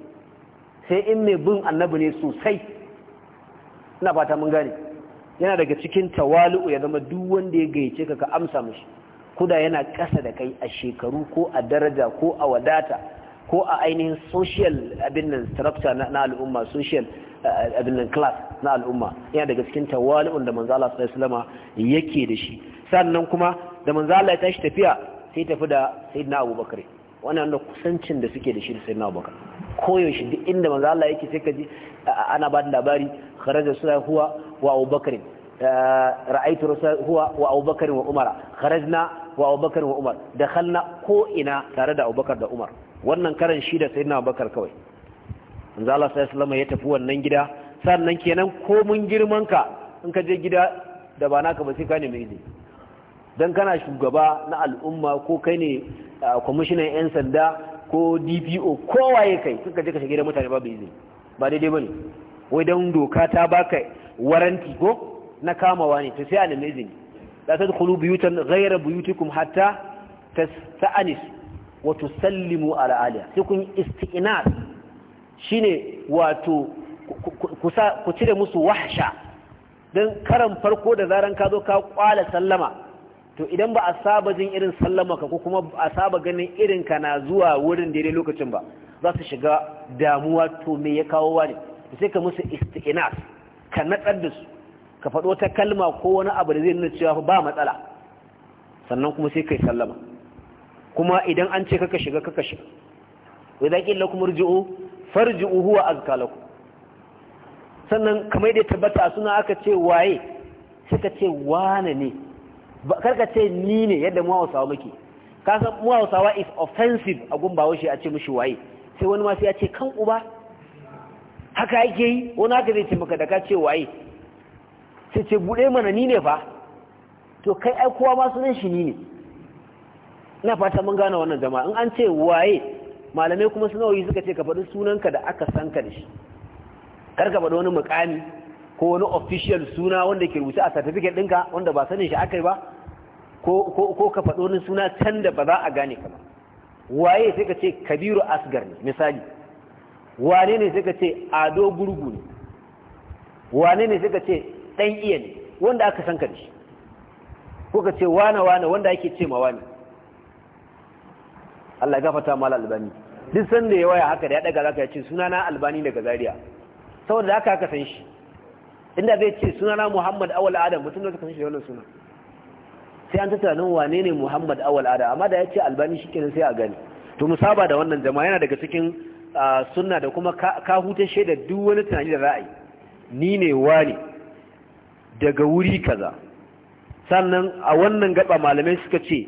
sai in mai bin annabi ne sosai ina fata mun gane yana daga cikin tawali'u ya zama duk wanda ya gayyace ka ka amsa mashi kuda yana ƙasa da kai a shekaru ko a daraja ko a wadata ko a ainihin social abin nan structure na al'umma social eh, abin class na al'umma yana daga cikin tawali'un da manzo Allah sallallahu alaihi yake da shi sannan kuma da manzo ya tashi tafiya sai tafi da sayyidina Abubakar wannan da kusancin da suke da shi da sayyidina Abubakar koyaushe duk inda manzo Allah yake sai ka ji ana ba da labari kharaja sura huwa wa Abubakar ra'aitu huwa wa Bakar wa Umar, kharajna wa Bakar wa umar dakhalna ko ina tare da abubakar da umar wannan karan shi da sayyidina Bakar kawai manzo Allah sallallahu alaihi ya tafi wannan gida sannan kenan ko mun girman ka in ka je gida da ba naka ba sai ka nemi izini dan kana shugaba na al'umma ko kai ne kwamishinan yan sanda ko DPO ko waye kai kuka je ka shiga gidan mutane babu izini ba daidai bane wai dan doka ta baka waranti ko na kamawa ne to sai a nemi izini la tadkhulu buyutan ghayra buyutikum hatta ta wa wato ala aliha sai kun isti'nas ne wato ku cire musu wahsha Don karan farko da zaran ka zo ka kwala sallama to idan ba a saba jin irin sallama ka ko kuma a saba ganin irin ka na zuwa wurin daidai lokacin ba za su shiga damuwa to me ya kawo wani sai ka musu isti'nas ka natsar da su ka faɗo ta kalma ko wani abu da zai nuna cewa ba matsala sannan kuma sai kai sallama kuma idan an ce kaka shiga kaka shiga wai za illa kuma rji'u farji'u huwa azka lakum sannan kamar da tabbata a suna aka ce waye Sai ka ce wane ne Kar ka ce ni ne yadda mu hausawa muke ka san mu hausawa is offensive a gun bawo shi a ce mishi waye sai wani ma sai ya ce kan uba haka yake yi wani haka zai ce maka da ka ce waye sai ce buɗe mana ni ne fa to kai ai kowa ma sunan shi ni ne ina fata mun gane wannan jama'a in an ce waye malamai kuma wuyi suka ce ka faɗi sunanka da aka san ka da shi kar ka faɗi wani mukami ko wani official suna wanda ke rubuce a certificate ɗinka wanda ba sanin shi aka yi ba ko ka faɗi wani suna can da ba za a gane ka ba waye sai ka ce kabiru asgar ne misali wane ne sai ka ce ado gurgu ne wane ne sai ka ce dan iya ne wanda aka san ka da shi ko ka ce wane wane wanda ake ce ma wane Allah ya gafarta mal albani duk sanda ya waya haka da ya daga zaka ce sunana albani daga zaria saboda haka aka san shi inda zai ce sunana muhammad awal adam mutum da suka san shi da wannan suna sai an tattara nan wane ne muhammad awal adam amma da ya ce albani shi kenan sai a gani to mu saba da wannan jama'a yana daga cikin ah, sunna da kuma ka hutar shaidar duk wani tunani da ra'ayi ni ne wani daga wuri kaza sannan a wannan gaba malamai suka ce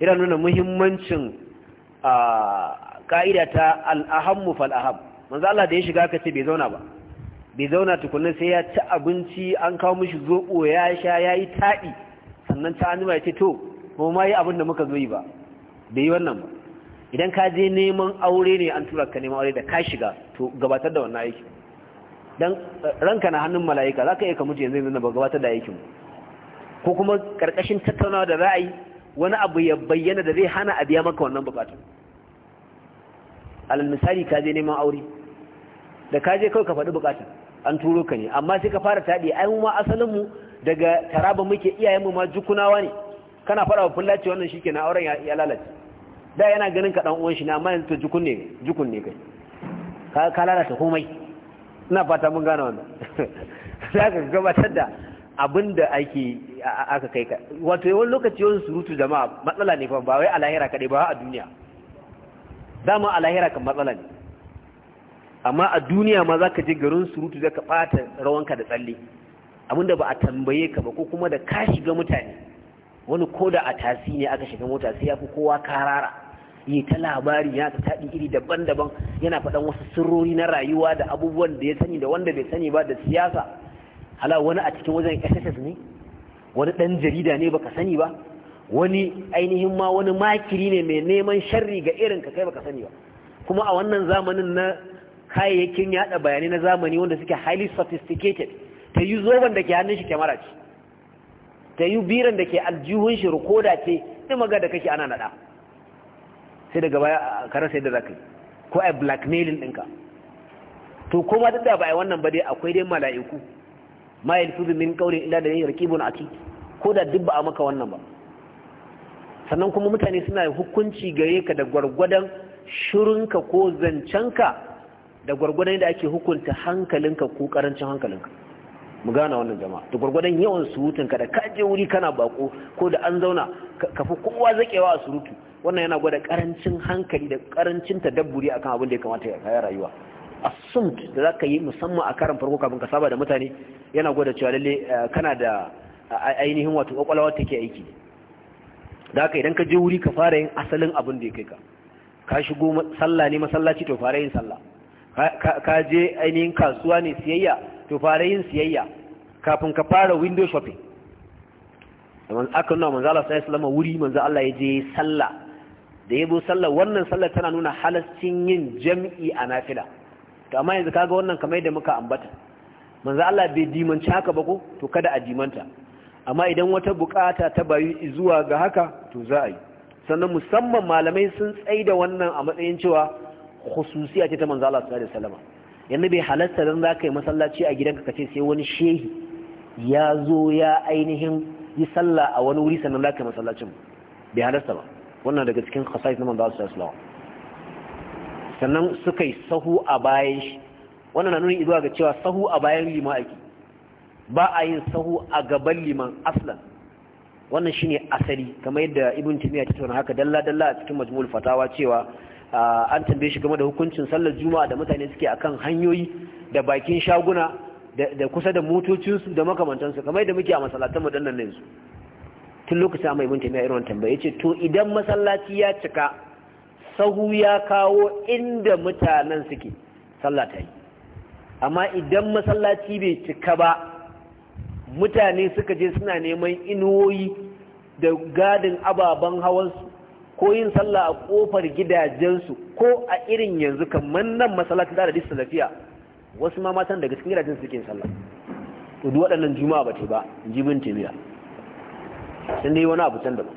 irin nuna muhimmancin a ka'ida ta al'ahammu fal'aham manzo Allah da ya shiga ka ce bai zauna ba bai zauna tukunna sai ya ci abinci an kawo mishi zobo ya sha ya yi taɗi sannan ta anima ya ce to ko ma yi abin da muka zo yi ba bai yi wannan ba idan ka je neman aure ne an tura ka neman aure da ka shiga to gabatar da wannan aiki dan eh, ranka na hannun mala'ika za ka iya ka mutu yanzu yanzu ba gabatar da aikin ko kuma karkashin tattaunawa da ra'ayi wani abu ya bayyana da zai hana a biya maka wannan bukatun alal ka je neman aure da ka je kawai ka faɗi bukatun an turo ka ne amma sai ka fara taɗi ai mu ma asalin mu daga taraba muke iyayen mu ma jukunawa ne kana fara wa fullaci wannan shi na auren ya lalace da yana ganin ka dan uwan shi ne amma yanzu to jukun ne jukun ne kai ka lalata komai ina fata mun gane wannan za ka gabatar da abin da ake aka kai ka wato yawan lokaci yawan surutu jama'a matsala ne fa ba wai a kaɗai ba a duniya dama a lahira kan matsala ne amma a duniya ma za ka je garin surutu za ka ɓata rawanka da tsalle abinda ba a tambaye ka ba ko kuma da ka shiga mutane wani ko da a tasi ne aka shiga mota sai ya fi kowa karara yi ta labari ya ta taɗi iri daban-daban yana faɗan wasu sirrori na rayuwa da abubuwan da ya sani da wanda bai sani ba da siyasa hala wani a cikin wajen sss ne wani ɗan jarida ne baka sani ba wani ainihin ma wani makiri ne mai neman sharri ga irin ka kai baka sani ba kuma a wannan zamanin na kayayyakin yada bayanai na zamani wanda suke highly sophisticated ta yi zoben da ke hannun shi kyamara ce ta yi biran da ke aljihun shi rikoda ce ɗimaga da kake ana naɗa sai daga baya ka rasa yadda zaka yi ko a blackmailing ɗinka to kuma duk da ba yi wannan ba dai akwai dai mala'iku ma yalfuzu min kauri ila da a atid ko da duk ba a maka wannan ba sannan kuma mutane suna hukunci gare ka da gwargwadon shirinka ko zancenka da gwargwadon da ake hukunta hankalinka ko karancin hankalinka mu gane wannan jama'a da gwargwadon yawan surutunka da kaje wuri kana bako ko da an zauna ka fi kowa zakewa a surutu wannan yana gwada karancin hankali da karancin tadabburi akan abin da ya kamata ya kaya rayuwa assumed da za ka yi musamman a karan farko kafin ka saba da mutane yana gwada cewa lalle eh, kana da ainihin wato kwakwalwa ke aiki da haka idan ka je wuri ka fara yin asalin abin da ya kai ka ka shigo sallah ne masallaci to fara yin sallah ka je ainihin kasuwa ne siyayya to fara yin siyayya kafin ka fara window shopping aka nuna manzala sai salama wuri manzo Allah ya je sallah da ya zo sallar wannan sallar tana nuna halascin yin jam'i a nafila to amma yanzu kaga wannan kamar da muka ambata manzo Allah bai dimanci haka ba ko to kada a dimanta amma idan wata bukata ta bayu zuwa ga haka to za a yi sannan musamman malamai sun tsaida wannan a matsayin cewa khususiya ce ta manzo Allah sallallahu alaihi wasallam yanzu bai halasta dan zaka yi masallaci a gidanka ka ce sai wani shehi ya zo ya ainihin yi sallah a wani wuri sannan zaka yi masallacin bai halasta ba wannan daga cikin khasais na manzo sallallahu alaihi sannan suka yi sahu a bayan shi wannan na nuni zuwa ga cewa sahu a bayan limaki ake ba a yin sahu a gaban liman aslan wannan shine asali kamar yadda ibn timiya ta tauna haka dalla dalla a cikin Majmul fatawa cewa an tambaye shi game da hukuncin sallar juma'a da mutane suke akan hanyoyi da bakin shaguna da kusa da motocinsu da makamantansu kamar yadda muke a masallatan mu dannan yanzu tun lokacin amma ibn taymiya irin ya ce to idan masallaci ya cika sahu ya kawo inda mutanen suke sallah ta yi amma idan masallaci bai cika ba mutane suka je suna neman inuwoyi da gadin ababen hawansu ko yin sallah a kofar gidajensu ko a irin yanzu kamar nan masallaci da hadisi lafiya wasu ma matan daga cikin gidajen suke sallah to duk waɗannan juma'a ba ce ba bin taymiya sun dai wani abu can duwan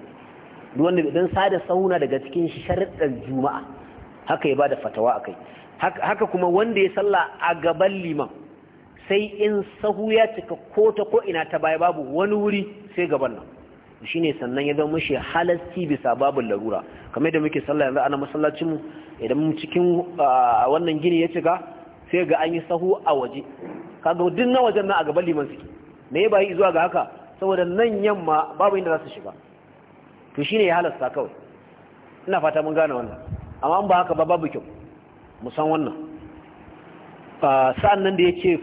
duk wanda don sada sauna daga cikin sharɗar juma'a haka ya ba da fatawa a kai haka kuma wanda ya salla a gaban liman sai in sahu ya cika ko ta ko ina ta baya babu wani wuri sai gaban nan shine sannan ya zama shi halasci bisa babu larura kamar da muke sallah yanzu ana masallacinmu mu idan cikin ah, wannan gini ya cika sai ga an yi sahu a waje kaga duk na wajen na a gaban liman suke ne ba yi zuwa ga haka saboda nan yamma babu inda za su shiga to shine ya halasta kawai ina fata mun gane wannan amma ba haka ba babu kyau mu san wannan sa'an nan da ya ce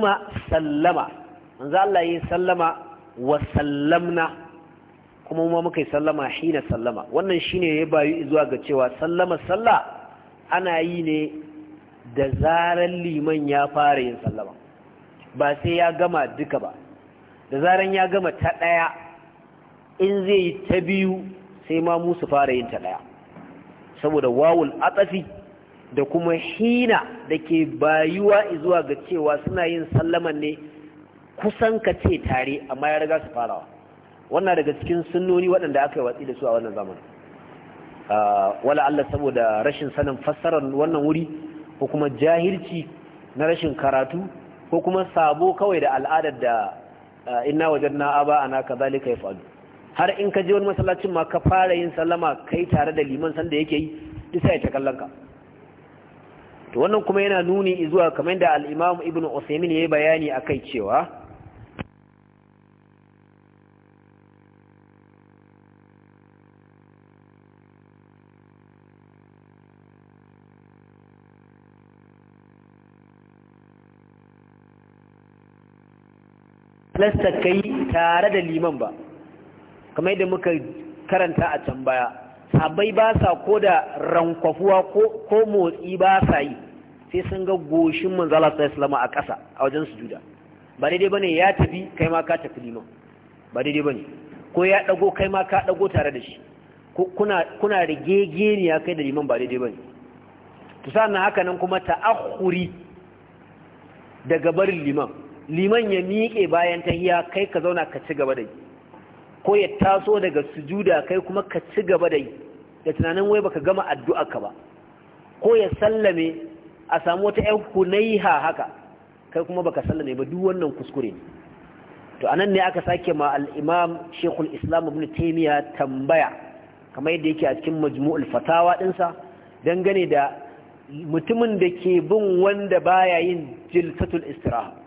ma sallama za Allah yi sallama wa sallamna kuma ma muka yi sallama hina sallama wannan shine ya bayu zuwa ga cewa sallama sallah ana yi ne da zarar liman ya fara yin sallama ba sai ya gama duka ba da zaran ya gama ta ɗaya in zai yi ta biyu sai ma musu fara yin ta ɗaya saboda wawul atsafi da kuma hina da ke bayuwa zuwa ga cewa suna yin sallaman ne kusan ka ce tare amma ya riga su farawa wannan daga cikin sunnoni waɗanda aka yi watsi da su a wannan zamanin ah, wala Allah saboda rashin sanin fassarar wannan wuri ko kuma jahilci na rashin karatu ko kuma sabo kawai da al'adar da Ah, inna wajadna aba ana ya yafalu har in ka je wani masallacin ma ka fara yin sallama kai tare da liman sanda yake yi isa ya ta kallon ka to wannan kuma yana nuni zuwa kamar da al-Imam Ibn Uthaymeen yayi bayani akai cewa ka kai tare da liman ba kamar yadda muka karanta a can baya sabai ba sa ko da rankwafuwa ko motsi ba sa yi sai sun ga goshin manzala sallallahu a ƙasa a wajen sujuda ba daidai ba ne ya tafi kai ma ka tafi liman ba daidai ba ne. ko ya dago kai ma ka dago tare da shi kuna ne ya kai da liman ba daidai ba bane sa na haka nan kuma ta'ahuri daga barin liman liman ya miƙe bayan tahiya kai ka zauna ka ci gaba da yi ko ya taso daga sujuda kai kuma ka ci gaba da yi da tunanin wai baka gama addu'a ka ba ko ya sallame a samu wata ƴan kunaiha haka kai kuma baka sallame ba duk wannan kuskure ne to anan ne aka sake ma al-imam Sheikhul Islam Ibn Taymiyyah tambaya kamar yadda yake a cikin Majmu'ul Fatawa dinsa dangane da mutumin da ke bin wanda baya yin jilsatul istirahah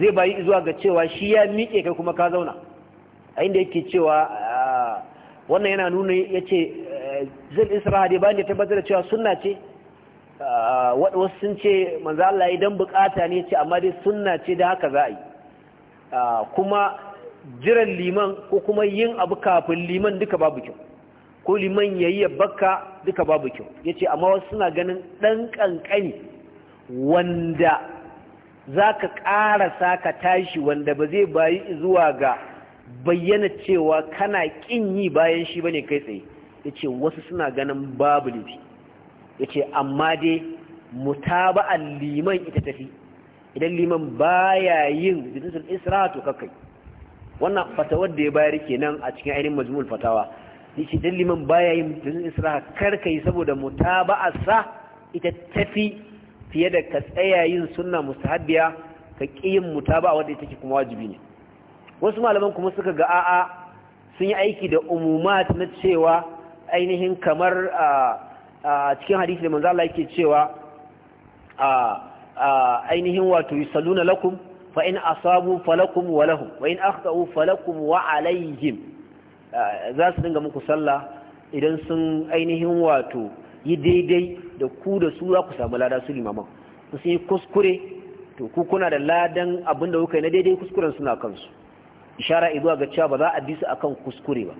zai bayi zuwa ga cewa shi ya miƙe kai kuma ka zauna a inda yake cewa ah, wannan yana nuna ya ce eh, zai isra'a dai bayan da tabbatar da cewa sunna ce ah, wasu sun ce manza Allah don bukata ne ce amma dai sunna ce da haka za a yi ah, kuma jiran liman ko kuma yin abu kafin liman duka babu kyau ko liman yayi ya baka duka babu kyau ya ce amma wasu suna ganin ɗan ƙanƙani wanda za ka ƙarasa ka tashi wanda ba zai bayi zuwa ga bayyana cewa kana ƙin yi bayan shi ba ne kai tsaye ya ce wasu suna ganin babu lifi ya ce amma dai ba'an liman ita tafi idan liman baya yin jinsul isra to kakai wannan fatawar da ya bayar kenan a cikin ainihin majmul fatawa ce idan liman baya yin jinsul isra kar kai saboda sa ita tafi fiye da ka tsaya yin sunna mustahabbiya ka kiyin mutaba wanda take kuma wajibi ne wasu malaman kuma suka ga a'a sun yi aiki da umumat na cewa ainihin kamar a cikin hadisi da manzala yake cewa a ainihin wato yi yusalluna lakum fa in asabu falakum wa lahum wa in akhtau falakum wa alaihim za su dinga muku sallah idan sun ainihin wato yi daidai da ku da su za ku samu lada su limaman ku sun yi kuskure to ku kuna da ladan abinda kuka yi na daidai kuskuren suna kansu ishara izuwa ga cewa ba za a bi su akan kuskure ba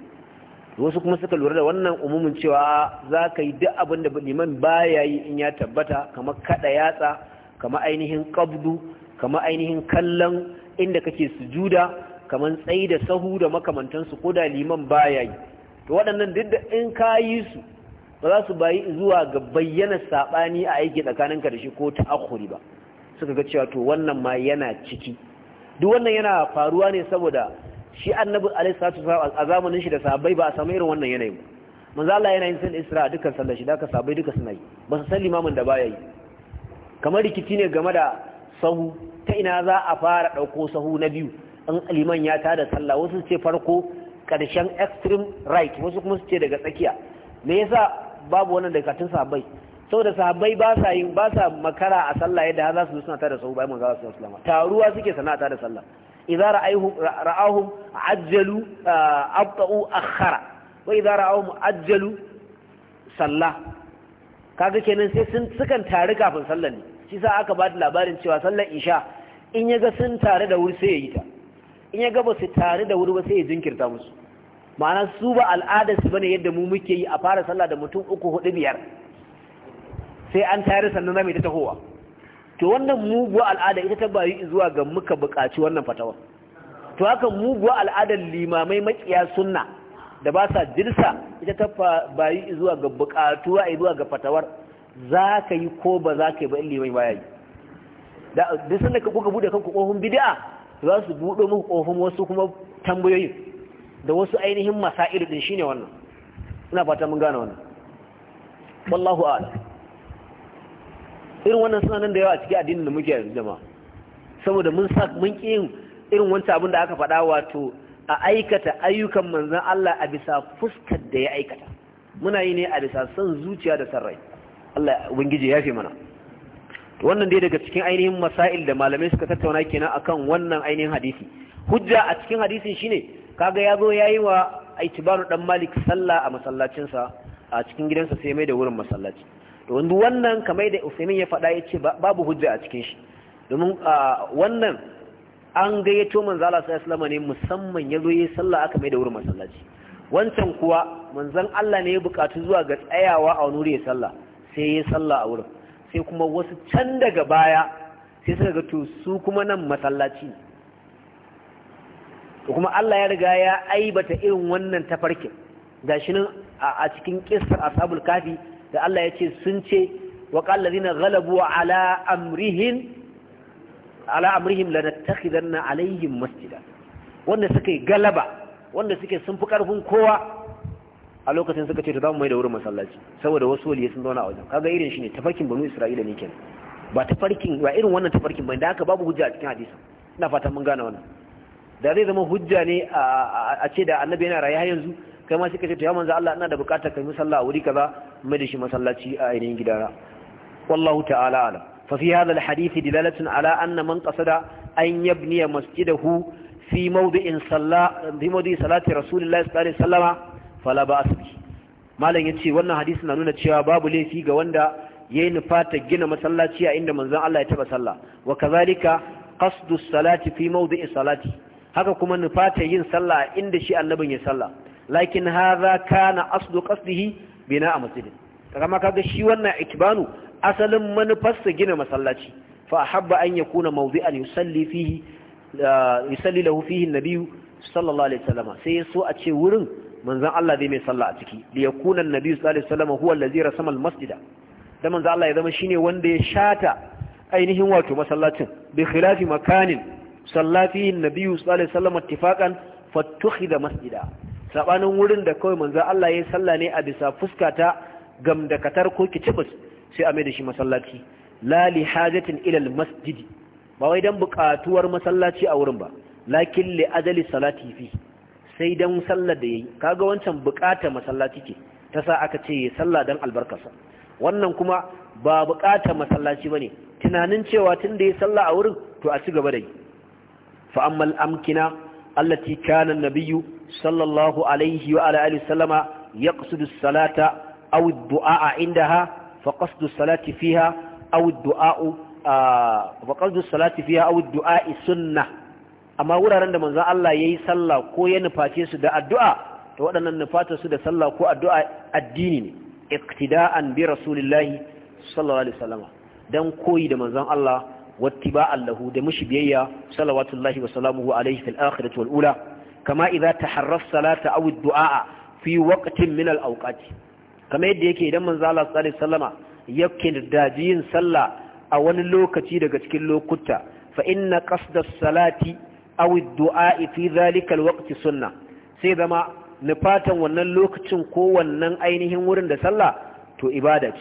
wasu kuma suka lura da wannan umumin cewa za ka yi duk abinda da liman baya yi in ya tabbata kamar kada yatsa kamar ainihin kabdu kamar ainihin kallon inda kake sujuda kamar tsayi da sahu da makamantansu ko da liman baya yi to waɗannan duk da in ka yi su ba za su bayi zuwa ga bayyana sabani a aiki tsakaninka da shi ko ta'akhuri ba suka ga cewa to wannan ma yana ciki duk wannan yana faruwa ne saboda shi annabi alaihi salatu wasallam a zamanin shi da sahabbai ba a samu irin wannan yanayin ba manzo Allah yana yin sun isra dukkan sallar shi da ka sahabbai duka suna yi ba su san limamin da baya yi kamar rikici ne game da sahu ta ina za a fara dauko sahu na biyu in liman ya tada sallah wasu ce farko karshen extreme right wasu kuma su ce daga tsakiya me yasa babu wannan daga katun sahabbai saboda sahabbai ba sa yin ba sa makara a sallah yadda za su suna tare da sahabbai manzo sallallahu alaihi wasallam taruwa suke sana'a da sallah idza ra'ayhum ra'ahum ajjalu abta'u akhara wa idza ra'ahum ajjalu sallah kaga kenan sai sun sukan tare kafin sallah ne shi sa aka ba da labarin cewa sallar isha in ya ga sun tare da wuri sai ya yi ta in ya ba su tare da wuri ba sai ya jinkirta musu ma'ana su ba al'adar su bane yadda mu muke yi a fara sallah da mutum uku hudu biyar sai an tayar sannan zamu ta tahowa to wannan muguwa al'ada ita ta bayi zuwa ga muka buƙaci wannan fatawa to haka muguwa al'adar limamai makiya sunna da ba sa jirsa ita ta bayi zuwa ga buƙatuwa a zuwa ga fatawar za ka yi ko ba za ka yi ba in limai baya yi da duk sanda ka kuka bude kanku kofin bid'a za su buɗe muku kofin wasu kuma tambayoyin da wasu ainihin masailu din shine wannan ina fata mun gane wannan wallahu a'lam irin wannan suna nan da yawa a cikin addinin da muke yanzu jama'a saboda mun sa mun ki irin wancan abin da aka faɗa wato a aikata ayyukan manzon Allah a bisa fuskar da ya aikata muna yi ne a bisa son zuciya da sarrai Allah ubangiji ya fi mana wannan dai daga cikin ainihin masail da malamai suka tattauna kenan akan wannan ainihin hadisi hujja a cikin hadisin shine kaga ya zo ya yi wa aitibanu dan malik sallah a masallacinsa a cikin gidansa sai mai da wurin masallaci wanda wannan kamar da usaimin ya faɗa ya ce babu hujja a cikin shi domin wannan an gayyato manzo Allah sai alaihi ne musamman ya zo yi sallah aka mai da wurin masallaci wancan kuwa manzon Allah ne ya bukatu zuwa ga tsayawa a wani ya sallah sai ya sallah a wurin sai kuma wasu can daga baya sai suka ga to su kuma nan masallaci ne to kuma Allah ya riga ya aibata irin wannan tafarkin gashi nan a cikin kissar ashabul kafi da Allah ya ce sun ce wa qala ladina ghalabu ala amrihim ala amrihim lanattakhidanna alaihim masjida wanda suka yi galaba wanda suke sun fi karfin kowa a lokacin suka ce to zamu mai da wurin masallaci saboda wasu waliye sun zauna a wajen kaga irin shi ne tafarkin banu isra'ila ne kenan ba tafarkin ba irin wannan tafarkin ba da haka babu hujja a cikin hadisi ina fatan mun gane wannan da zai zama hujja ne a ce da annabi yana raya yanzu kai ma suka ce to ya manzo Allah ina da bukatar kai musalla a wuri kaza mai da shi masallaci a ainihin gidana wallahu ta'ala alam fa fi hadha alhadith dilalatun ala anna man qasada an yabni masjidahu fi mawdi'in salla fi mawdi'i salati rasulillahi sallallahu alaihi wasallama fala ba'as bi malam yace wannan hadisi na nuna cewa babu laifi ga wanda yayi nufata gina masallaci a inda manzon Allah ya taba sallah wa kazalika qasdu salati fi mawdi'i salati haka kuma nufata yin sallah inda shi annabin ya sallah lakin hadha kana aslu qasdihi bina a masjidin kama kaga shi wannan ikbanu asalin manufarsa gina masallaci fa habba an yakuna mawdi'an yusalli fihi ah, yusalli lahu fihi an-nabi sallallahu alaihi wasallam sai so a ce wurin manzon Allah zai mai sallah a ciki li yakuna an-nabi sallallahu alaihi wasallam huwa allazi rasama al-masjida da manzon Allah ya zama shine wanda ya shata ainihin wato masallacin bi khilafi makanin salla fihi nabiyyu sallallahu alaihi wasallam ittifaqan fattukhida masjida sabanin wurin da kawai manzo Allah yayi salla ne a bisa fuska ta gamdakatar ko kitibus sai a mai da shi masallaci la li hajatin ila al masjid ba wai dan buƙatuwar masallaci a wurin ba lakin li ajali salati fi sai dan sallar da yayi kaga wancan buƙatar masallaci ke, ta sa aka ce salla dan albarkarsa wannan kuma ba buƙatar masallaci bane tunanin cewa tun da ya sallah a wurin to a ci gaba da yi fa amkina allati kana an-nabiyyu sallallahu alayhi wa ala alihi sallama yaqsidu as-salata aw dua indaha fa qasdu as-salati salati fiha aw dua sunnah amma wuraren da manzon Allah yi sallah ko ya nuface su da addu'a ta waɗannan nufatar su da sallah ko addu'a addini ne iqtida'an bi sallallahu alaihi dan koyi da manzon Allah واتباعا له دمش بيئة صلوات الله وسلامه عليه في الآخرة والأولى كما إذا تحرف صلاة أو الدعاء في وقت من الأوقات كما يديك إذا من زال صلى الله عليه وسلم يكن داجين صلى أو نلوك تيدك تكلو كتا فإن قصد الصلاة أو الدعاء في ذلك الوقت سنة سيدا ما نفاتا ونلوك تنكو ونن أينهم ورند صلى تو إبادة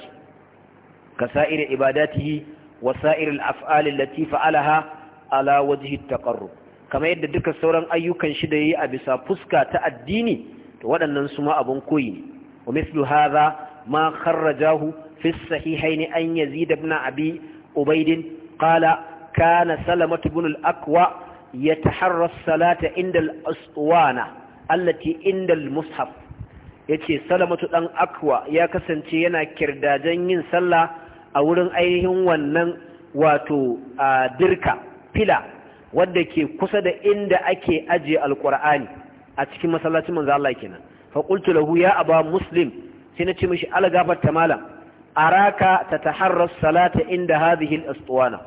كسائر إباداته وسائر الأفعال التي فعلها على وجه التقرب كما يدى دكا سوران أيوكا شدي أبسا فسكا تأديني ودن ننسما أبن كوين ومثل هذا ما خرجاه في الصحيحين أن يزيد بن أبي أبيد قال كان سلمة بن الأكوى يتحرى الصلاة عند الأسطوانة التي عند المصحف yace salamatu dan akwa ya kasance yana kirdajen yin sallah a wurin ainihin wannan wato a dirka fila wadda ke kusa da inda ake ajiye alkur'ani a cikin masallacin manzo Allah kenan fa qultu lahu ya aba muslim sai na ce mishi algafar ta malam araka tataharras salata inda hadhihi al-istuwana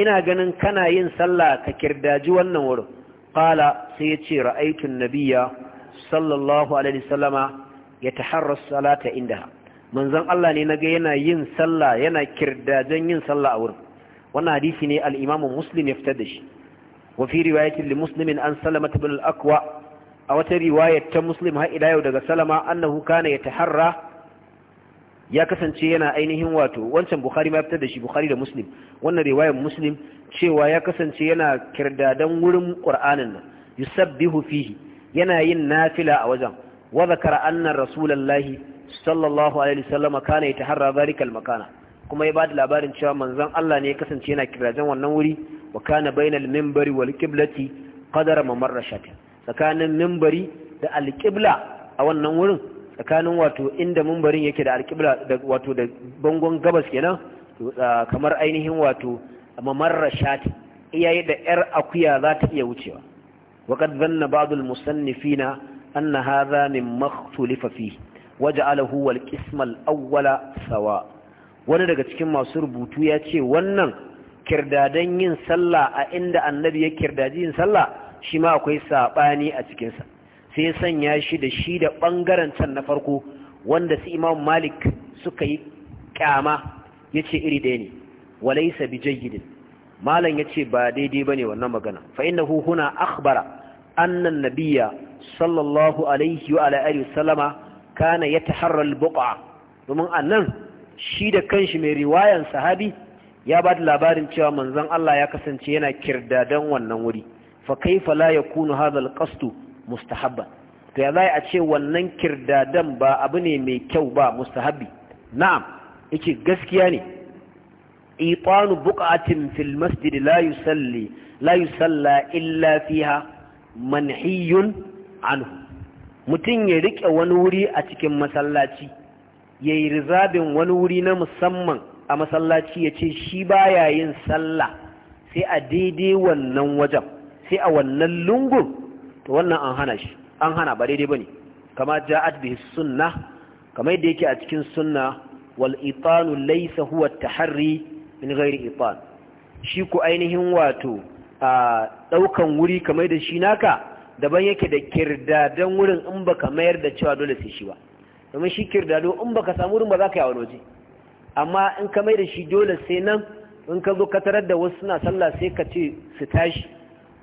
ina ganin kana yin sallah ka kirdaji wannan wurin qala sai ya ce ra'aytu an-nabiyya sallallahu alaihi wasallama yataharras salata indaha manzon Allah ne ga yana yin sallah yana kirdajen yin sallah a wurin wannan hadisi ne al-Imam Muslim ya fitar da shi wa fi riwayatin li Muslimin an Salama ibn al-Aqwa a wata riwayar ta Muslim har ila yau daga Salama annahu kana yataharra ya kasance yana ainihin wato wancan Bukhari ma ya fitar da shi Bukhari da Muslim wannan riwayar Muslim cewa ya kasance yana kirdadan wurin Qur'anin nan yusabbihu fihi yana yin nafila a wajen wa zakara anna rasulullahi sallallahu alaihi wasallam kana yataharra zalikal makana kuma ya bada labarin cewa manzon Allah ne ya kasance yana kirajen wannan wuri wa kana bainal minbari wal qiblati qadara mamarra shati tsakanin minbari da alqibla a wannan wurin tsakanin wato inda minbarin yake da alqibla da wato da bangon gabas kenan kamar ainihin wato mamarra shati iyaye da yar akuya za ta iya wucewa وقد ظن بعض المصنفين أن هذا min اختلف فيه waja'alahu wal qismal awwala sawa wani daga cikin masu rubutu ya ce wannan kirdadan yin sallah a inda annabi ya kirdaji yin sallah shi ma akwai sabani a cikinsa sai sanya shi da shi da ɓangaren can na farko wanda su imam malik suka yi kyama ya ce iri ɗaya ne walaisa bi jayyidin malam ya ce ba daidai ba ne wannan magana fa inna huna akhbara annan nabiya sallallahu alaihi wa ala kana ya taharral buqa domin annan shi da kanshi mai riwayan sahabi ya ba da labarin cewa manzon Allah ya kasance yana kirdadan wannan wuri fa ya kuna yakunu hadha alqasd mustahabban to ya zai a ce wannan kirdadan ba abu ne mai kyau ba mustahabi na'am yake gaskiya ne itanu buqatin fil masjid la yusalli la yusalla illa fiha manhiyun anhu mutum ya riƙe wani wuri a cikin masallaci ya yi rizabin wani wuri na musamman a masallaci ya ce shi baya yin sallah sai a daidai wannan wajen sai a wannan lungun to wannan an hana shi an hana ba daidai bane kama ja'at bihi sunna kama yadda yake a cikin sunna wal itanu laysa huwa at min ghairi itan shi ku ainihin wato a ɗaukan wuri kamar da shi naka daban yake da kirdadan wurin in baka mayar da cewa dole sai shi ba domin shi kirdado in baka samu wurin ba za ka yi wani waje amma in ka mayar da shi dole sai nan in ka zo ka tarar da wasu suna sallah sai ka ce su tashi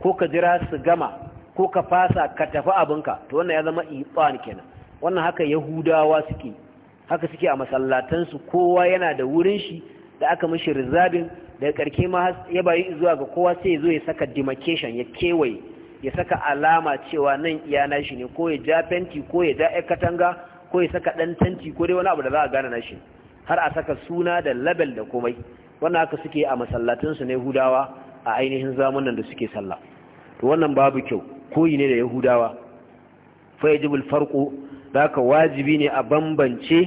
ko ka jira su gama ko ka fasa ka tafi abinka to wannan ya zama iban kenan wannan haka yahudawa suke haka suke a masallatansu kowa yana da wurin shi da aka mishi rizabin daga karke ma ya bayi zuwa ga kowa sai ya zo ya saka demarcation ya kewaye ya saka alama cewa nan iya nashi ne ko ya ja fenti ko ya ja katanga ko ya saka ɗan tanti ko dai wani abu da za a gane nashi har a saka suna da label da komai wannan haka suke a masallatunsu na yahudawa a ainihin zamanin da suke sallah to wannan babu kyau koyi ne da yahudawa fa yajibul farqu zaka wajibi ne a bambance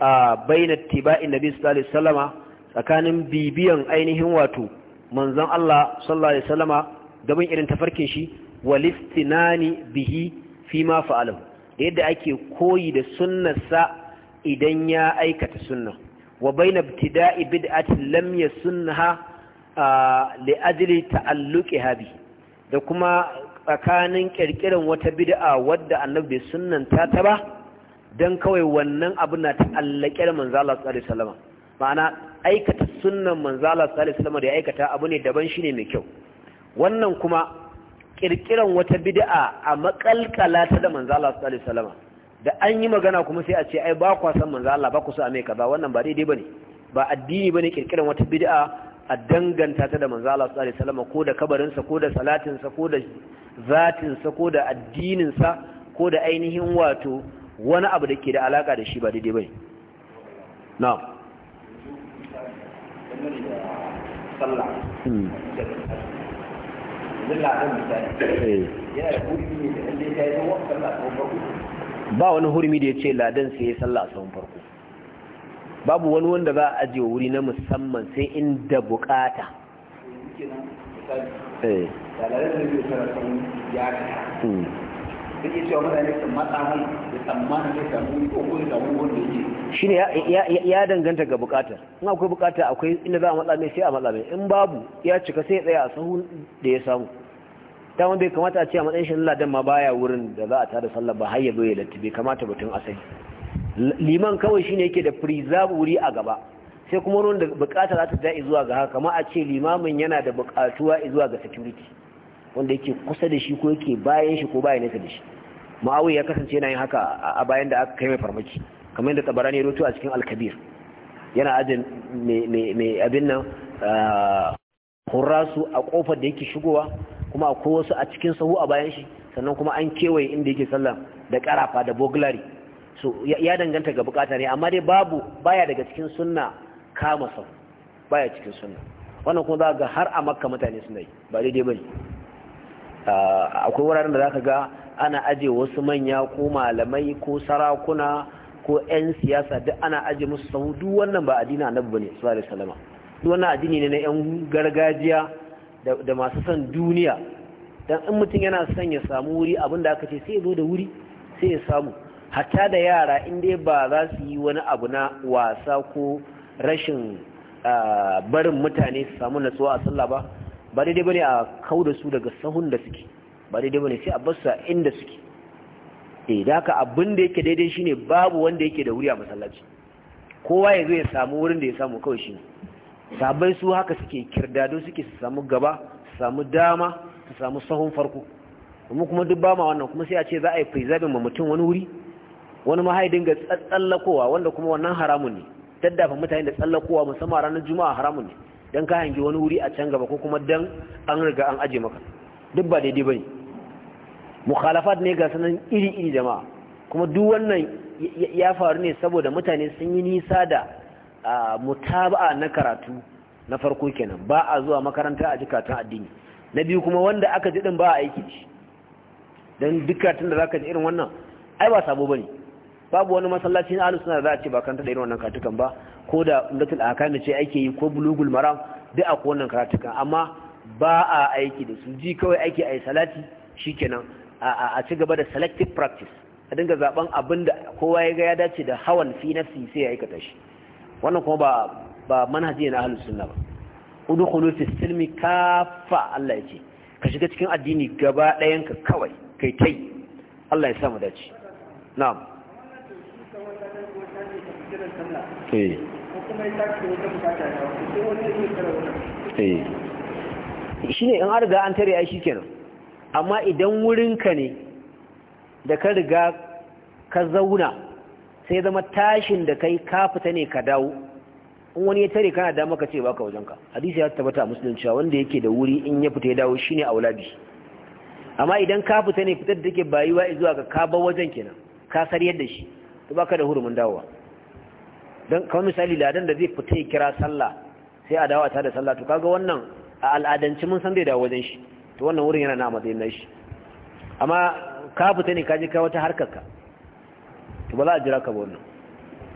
a bainat tiba'in nabi sallallahu alaihi wasallama tsakanin bibiyan ainihin wato manzon Allah sallallahu alaihi wasallama gaban irin tafarkin shi walistinani bihi fi ma fa'alahu da yadda ake koyi da sunnarsa idan ya aikata sunna wa bayna ibtida'i bid'ati lam yasunnaha li ajli ta'alluqi bi da kuma tsakanin kirkiran wata bid'a wadda annabi bai sunnanta ta ba dan kawai wannan abu na ta'allake da manzo Allah sallallahu alaihi wasallam ma'ana aikata sunnan manzo Allah sallallahu alaihi wasallam da ya aikata abu ne daban shine mai kyau wannan kuma kirkiran wata bid'a a makalkala ta da manzo Allah sallallahu alaihi wasallam da an yi magana kuma sai a ce ai ba kwa san manzo Allah ba ku san a mai kaza wannan ba daidai bane ba addini bane kirkiran wata bid'a a danganta ta da manzo Allah sallallahu alaihi wasallam ko da kabarin sa ko da salatin sa ko da zatin sa ko da addinin sa ko da ainihin wato wani abu da ke da alaka da shi ba daidai bane na'am sallah hmm. Eh. ba wani hurmi da ya ce ladan sai ya salla a tsawon farko babu wani wanda za a ajiye wuri na musamman sai inda bukata eh. ya duk ya cewa mutane su matsa mai da tsammanin zai samu ko ko wanda yake shi ne ya danganta ga bukatar in akwai bukata akwai inda za a matsa mai sai a matsa mai in babu ya cika sai ya tsaya a sahun da ya samu ta wanda bai kamata a ce a matsayin shi ladan ma baya wurin da za a tada sallah ba har ya zo ya latti bai kamata batun asali liman kawai shi ne yake da preserve wuri a gaba sai kuma da bukata za ta da'i zuwa ga haka kama a ce limamin yana da bukatuwa zuwa ga security wanda yake kusa da shi ko yake bayan shi ko bayan nesa da shi muawiya ya kasance yana yin haka a bayan da aka kai mai farmaki kamar yadda tabarani ya roto a cikin alkabir yana ajin mai abin nan hurrasu a kofar da yake shigowa kuma akwai wasu a cikin sahu a bayan shi sannan kuma an kewaye inda yake sallah da karafa da boglari so ya danganta ga bukata ne amma dai babu baya daga cikin sunna kama sau baya cikin sunna wannan kuma za ga har a makka mutane suna yi ba daidai ne. akwai wuraren da za ka ga ana aje wasu manya ko malamai ko sarakuna ko 'yan siyasa duk ana aje musu sahu duk wannan ba addini annabi bane sallallahu alaihi wasallam duk wannan addini ne na 'yan gargajiya da masu son duniya dan in mutum yana son ya samu wuri abinda aka ce sai ya zo da wuri sai ya samu hatta da yara in dai ba za su yi wani abu na wasa ko rashin barin mutane su samu natsuwa a sallah ba ba daidai bane a kau da su daga sahun da suke ba daidai ba ne sai a bassa inda suke eh da haka abin da yake daidai shine babu wanda yake da wuri a masallaci kowa ya zo ya samu wurin da ya samu kawai shi sabai su haka suke kirdado suke su samu gaba su samu dama su samu sahun farko kuma kuma duk ba ma wannan kuma sai a ce za a yi fizabin ma mutum wani wuri wani ma ga tsallakowa wanda kuma wannan haramun ne daddafa mutane da tsallakowa musamman ranar juma'a haramun ne dan ka hangi wani wuri a can gaba ko kuma dan an riga an aje maka duk ba daidai bane mukhalafat ne ga sanan iri-iri jama'a kuma duk wannan ya faru ne saboda mutane sun yi nisa da mutaba'a na karatu na farko kenan ba a zuwa makaranta a jikatun addini na biyu kuma wanda aka ji din ba a aiki shi don dukkan da zaka ji irin wannan ai ba sabo bane babu wani masallaci na ahlus sunna za a ce ba kanta da irin wannan karatukan ba ko da umdatul ahkam ce ake yi ko bulugul maram duk akwai wannan karatukan amma ba a aiki da su ji kawai ake ai salati shikenan a ci gaba da selective practice a dinga zaben abin da kowa ya ga ya dace da hawan fi nafsi sai ya aikata shi wannan kuma ba ba manhaji na ahlus sunna ba udkhulu fi silmi kaffa Allah yake ka shiga cikin addini gaba ɗayan ka kawai kai kai Allah ya samu dace na'am eh, eh. shine in an riga an tare ai shikenan amma idan wurinka ne da ka riga ka zauna sai zama tashin da kai ka fita ne ka dawo in wani ya tare kana dama ka ce baka wajenka hadisi ya tabbata a musulunci wanda yake da wuri in ya fita ya dawo shine aulabi amma idan ka fita ne fitar da take bayuwa zuwa ga ka bar wajen kenan ka sariyar yadda shi to baka da hurumin dawowa dan kamar misali ladan da zai fita ya kira sallah sai a dawo ta da sallah to kaga wannan a al'adance mun san zai dawo wajen shi to wannan wurin yana na matsayin shi, amma ka fita ne ka je ka wata harkar ka to ba za a jira ka ba wannan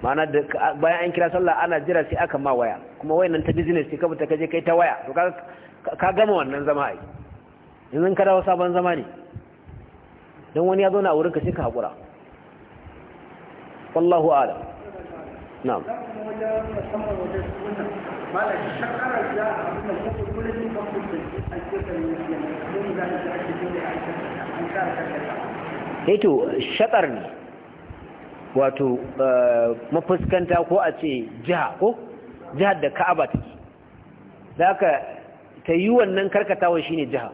ma'ana da bayan an kira sallah ana jira sai aka ma waya kuma nan ta business sai ka fita ka je kai ta waya to ka gama wannan zama ai yanzu ka dawo sabon zama ne don wani ya zauna a wurin ka sai ka haƙura wallahu a'lam na'am malam shakarar da abin da kuma kullum eto eh shatsar ne wato eh, mafuskanta ko a ce jiha ko jihar da ka'aba ke? za ka ta yi wannan karkatawa shi ne jiha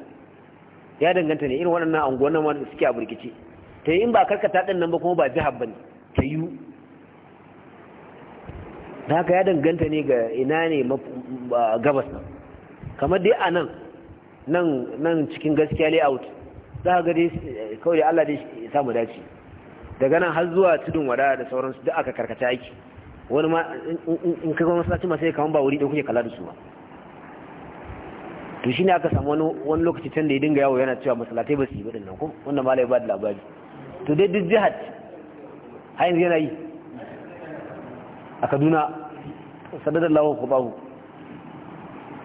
ya danganta ne irin waɗannan anguwannan wanda suke a burkice ta yi in ba karkata ɗin nan ba kuma ba jihar ba ne ta yi Za ka ya danganta ne ga ina ne gabas nan kamar dai a nan nan nan cikin gaskiya layout za ga dai kawai Allah dai ya samu dace daga nan har zuwa tudun wada da sauransu duk aka karkata aiki wani ma in ka ga masallaci ma sai kaman ba wuri da kuke kala da su ba to shine aka samu wani wani lokaci can da ya dinga yawo yana cewa masallatai ba su yi ba dinnan ko wannan malai ba da labari to dai duk jihar har yanzu yana yi a Kaduna sadadallahu qubahu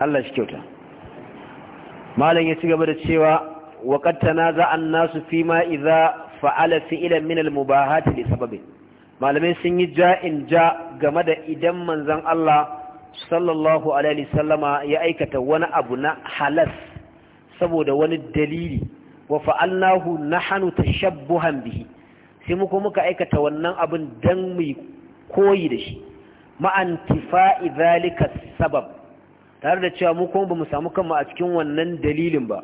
Allah shi kyauta malam ya ci gaba da cewa wa qad tanaza'a an-nasu fima idza fa'ala fi'lan min al-mubahat sababin malamai sun yi ja'in ja game da idan manzon Allah sallallahu alaihi sallama ya aikata wani abu na halas saboda wani dalili wa fa'alnahu ta tashabbuhan bihi sai mu muka aikata wannan abin dan mu koyi da shi ma'antifa'i zalika sabab tare da cewa mu kuma bamu samu kanmu a cikin wannan dalilin ba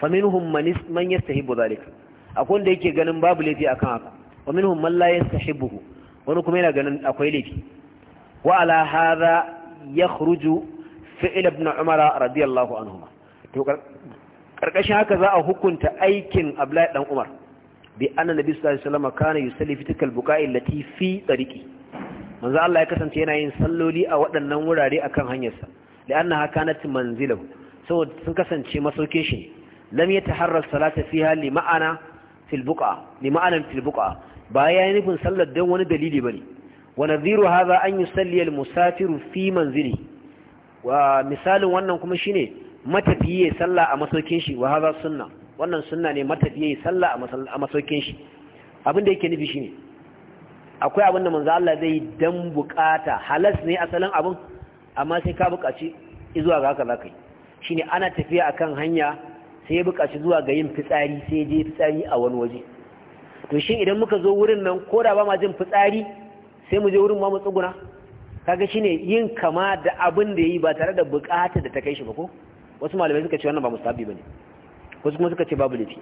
faminhum man man yastahibu zalika akwai wanda yake ganin babu laifi akan haka wa minhum man la yastahibuhu wani kuma yana ganin akwai laifi wa ala hadha yakhruju fi'l ibn umara radiyallahu anhuma to karkashin haka za a hukunta aikin abdullahi dan umar bi anna nabi sallallahu alaihi wasallam kana yusalli fi tilkal buqa'i allati fi tariqi manzo Allah ya kasance yana yin salloli a waɗannan wurare akan hanyarsa لأنها ha kanat manzilahu so sun kasance masaukin shi lam yataharrar salata fiha li ma'ana fil buqa li ma'ana ba ya nufin sallar dan wani dalili bane wa nadhiru hadha an yusalli al musafiru fi manzili wa misalin wannan kuma shine matafiye sallah a masaukin shi wa hadha sunna wannan sunna ne matafiye sallah a masaukin shi abin da yake nufi shine akwai abin manza Allah zai dan buƙata halas ne asalin abin amma sai ka buƙaci zuwa ga haka za ka yi shine ana tafiya akan hanya sai ya buƙaci zuwa ga yin fitsari sai je fitsari a wani waje to shin idan muka zo wurin nan ko da ba ma jin fitsari sai mu je wurin ma mu tsuguna kaga shine yin kama da abin da yayi ba tare da buƙatar da ta kai shi ba ko wasu malamai suka ce wannan ba mustahabi bane wasu kuma suka ce babu laifi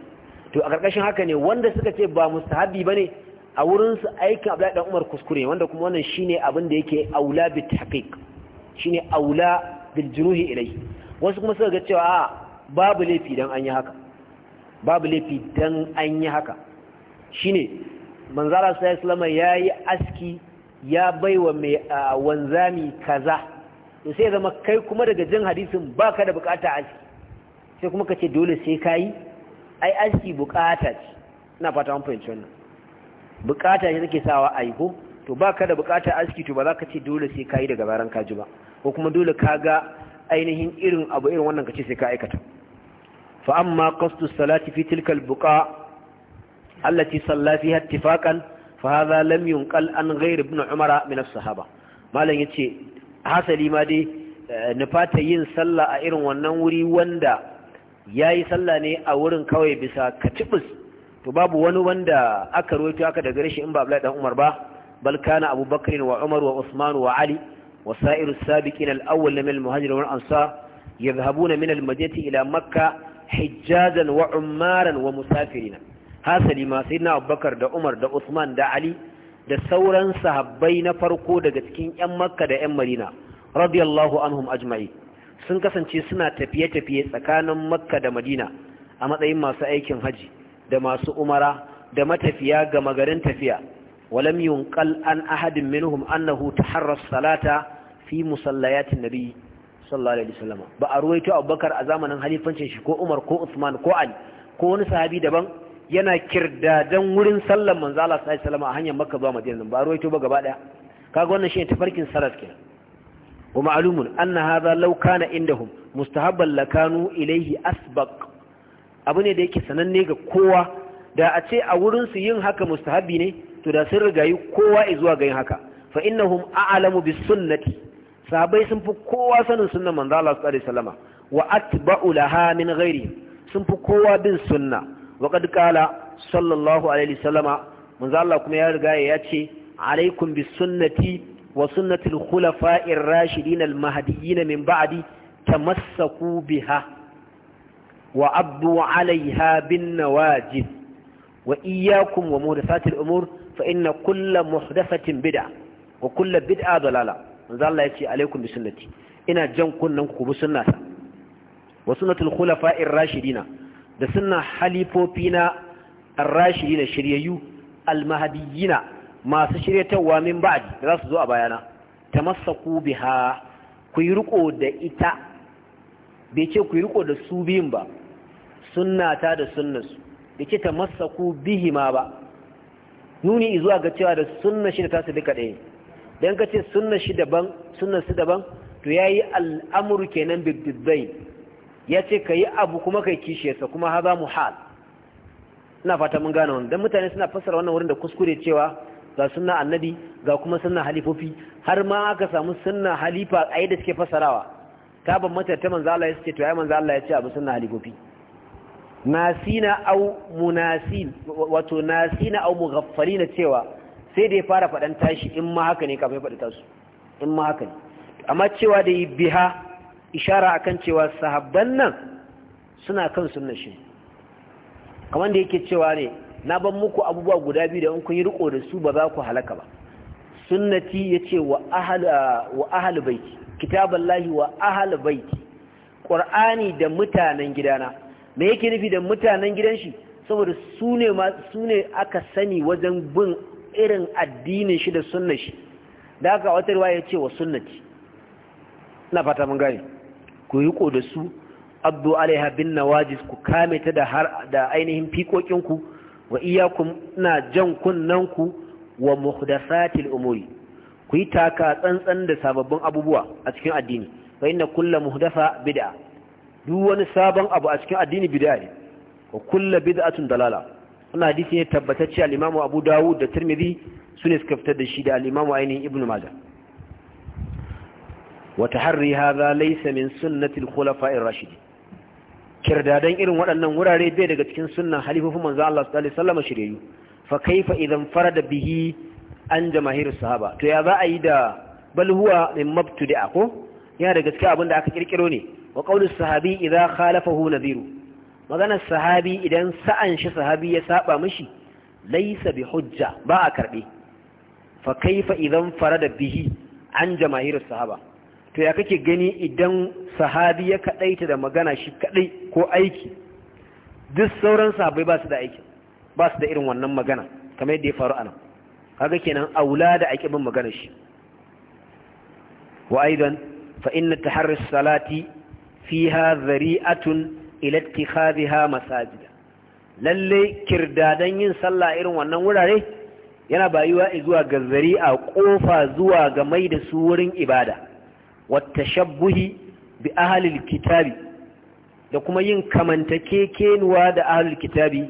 to a ƙarƙashin haka ne wanda suka ce ba mustahabi bane a wurin su aikin Abdullahi dan Umar kuskure wanda kuma wannan shine abin da yake aula bi tahqiq shine aula bil junuhi ilai wasu kuma suka ga cewa a, babu laifi dan an yi haka babu laifi dan an yi haka shine manzara sallallahu alaihi yayi aski ya baiwa mai wanzami kaza to sai zama kai kuma daga jin hadisin baka da bukata aski sai kuma kace dole sai kai ai aski bukata ce ina fata an fahimci wannan bukata ce take sawa ai ko to ba ka da bukatar aski to ba za ka ce dole sai ka yi daga baran kaji ba ko kuma dole ka ga ainihin irin abu irin wannan ka ce sai ka aikata fa amma qasdu salati fi tilka albuqa allati salla fiha ittifaqan fa hadha lam yunqal an ghayr ibn umar min as-sahaba malam yace hasali ma dai eh, nufata yin sallah a irin wannan wuri wanda yayi sallah ne a wurin kawai bisa katibus to babu wani wanda aka rawaito aka daga rashi in ba Abdullahi dan Umar ba بل كان أبو بكر وعمر وعثمان وعلي وسائر السابقين الأول من المهاجر والأنصار يذهبون من المدينة إلى مكة حجازا وعمارا ومسافرين هذا لما سيدنا أبو بكر دا عمر دا عثمان دا علي da sauran sahabbai na farko daga cikin 'yan makka da 'yan marina radiyallahu anhum ajma'i sun kasance suna tafiye-tafiye tsakanin makka da madina a matsayin masu aikin haji da masu umara da matafiya ga magarin tafiya ولم ينقل عن أحد منهم أنه تحرى الصلاة في مصليات النبي صلى الله عليه وسلم بأرويت أبو بكر أزامنا ko Umar ko كو ko Ali ko wani sahabi daban yana kirdadan wurin sallar manzo Allah sallallahu alaihi wasallam a hanyar Makka zuwa Madina ba ruwaito ba gaba daya kaga wannan shine tafarkin salaf kenan wa ma'lumun anna hadha law kana indahum mustahabban lakanu ilayhi asbaq abu ne da yake sananne ga kowa da a ce a wurin su yin haka Mustahabi ne to da sun rigayi kowa zuwa ga haka fa innahum a'lamu bis sunnati sahabbai sun fi kowa sanin sunnar manzo Allah sallallahu alaihi wasallama wa atba'u laha min ghairi sun fi kowa bin sunna wa qad qala sallallahu alaihi wasallama manzo Allah kuma ya riga ya ce alaikum bis sunnati wa sunnati al khulafa'i ar-rashidin al mahdiyyin min ba'di tamassaku biha wa abdu alaiha bin nawajib wa iyyakum wa muhdathatil umur fa inna kulla muhdathatin bid'a wa kulla bid'a dalala manzo Allah yace alaikum bi sunnati ina jan kunnan ku bi sunnata wa sunnatul khulafa'ir rashidina da sunna halifofina ar-rashidina shiryayyu al-mahdiyina masu shiryatawa min ba'di da su zo a bayana tamassaku biha ku yi riko da ita bai ce ku yi riko da su biyun ba sunnata da sunnansu bai ce tamassaku bihima ba nuni zuwa ga cewa da sunna shi da tasu duka ɗaya don ka ce sunna shi daban sunna su daban to ya yi al'amuru kenan bibbibbai ya ce ka yi abu kuma kai sa kuma haza muhal ina fata mun gane wani don mutane suna fassara wannan wurin da kuskure cewa ga sunna annabi ga kuma sunna halifofi har ma aka samu sunna halifa a yadda suke fassarawa ta ban mata ta ya ce to ai manzo ya ce abu sunna halifofi nasina au munasin wato nasina au mughaffarina cewa sai da ya fara faɗan tashi in ma haka ne kafin faɗi tasu in ma haka ne amma cewa da yi biha ishara akan cewa sahabban nan suna kan sunnar shi kamar da yake cewa ne na ban muku abubuwa guda biyu da in kun yi riko da su ba za ku halaka ba sunnati yace wa ahal wa ahl baiti kitaballahi wa baiti qur'ani da mutanen gidana me yake nufi da mutanen gidan shi saboda su ne aka sani wajen bin irin addinin shi da sunnar shi da haka wata ya ce wa sunnati ina fata mun gane ku yi ko da su abdu alaiha bin nawajis ku kame ta da har da ainihin fikokin ku wa iyakum na jan kunnan ku wa muhdathatil umuri ku yi taka tsantsan da sababbin abubuwa a cikin addini fa inna kullu muhdatha bid'a duk wani sabon abu a cikin addini bid'a ne wa kullu bid'atun dalala wannan hadisi ne tabbatacce al-Imam Abu Dawud da Tirmidhi sune suka fitar da shi da al-Imam ainihin Ibn Majah wa taharri hadha laysa min sunnati al-khulafa'ir rashidin kirdadan irin waɗannan wurare bai daga cikin sunnan halifofin manzo Allah sallallahu alaihi wasallam fa kaifa idan farada bihi an jama'ir sahaba to ya za a yi da bal huwa min mabtudi'a ko yana daga cikin abin da aka kirkiro ne wa qaulus sahabi idza khalafahu nadhiru maganar sahabi idan sa'an shi sahabi ya saba mishi laisa bi hujja ba a karbe fa kaifa idan da bihi an jama'irus sahaba to ya kake gani idan sahabi ya kadaita da magana shi kaɗai ko aiki duk sauran sahabbai ba su da aiki ba su da irin wannan magana kamar yadda ya faru anan kaga kenan aula da ake bin maganar shi wa aidan fa inna taharrus salati fiha zari'atun ila ittikhadhiha masajid lalle kirdadan yin sallah irin wannan wurare yana bayuwa zuwa ga zari'a kofa zuwa ga mai da su wurin ibada wata tashabbuhi bi ahalil kitabi da kuma yin kamantakekenuwa da ahalil kitabi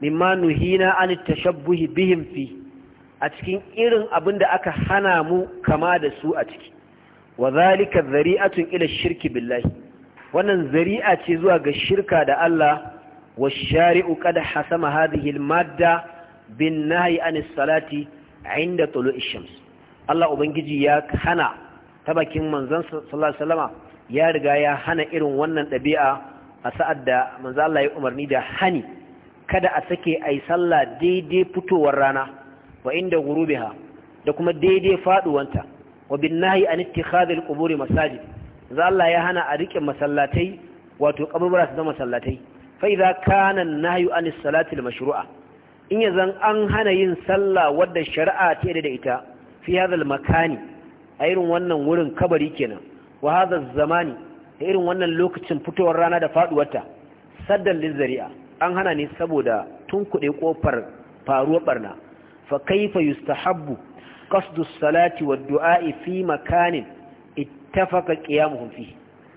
mimma nuhina an tashabbuhi bihim fi a cikin irin abin da aka hana mu kama da su a ciki wa zalika zari'atun ila shirki billahi wannan zari'a ce zuwa ga shirka da Allah wa shari'u qad hasama hadhihi al-madda bin nahyi an salati inda tulu'i shams Allah ubangiji ya hana ta bakin manzon sallallahu alaihi wasallama ya riga ya hana irin wannan dabi'a a sa'ad da manzo Allah ya umarni da hani kada a sake ai sallah daidai fitowar rana wa inda gurubiha da kuma daidai faduwanta wa bin nahyi an ittikhadhi al-quburi masajid za Allah ya hana a rike masallatai wato kaburbura su zama masallatai fa idza kana na nahyu anis salati al-mashru'a in yazan an hana yin sallah wadda shari'a ta da ita fi makani a irin wannan wurin kabari kenan wa hadha zamani A irin wannan lokacin fitowar rana da ta saddan lizari'a an hana ne saboda tun tunkuɗe kofar faruwar barna fa kaifa yustahabbu qasdu salati wad-du'a fi makanin tafaka kiyamuhum fi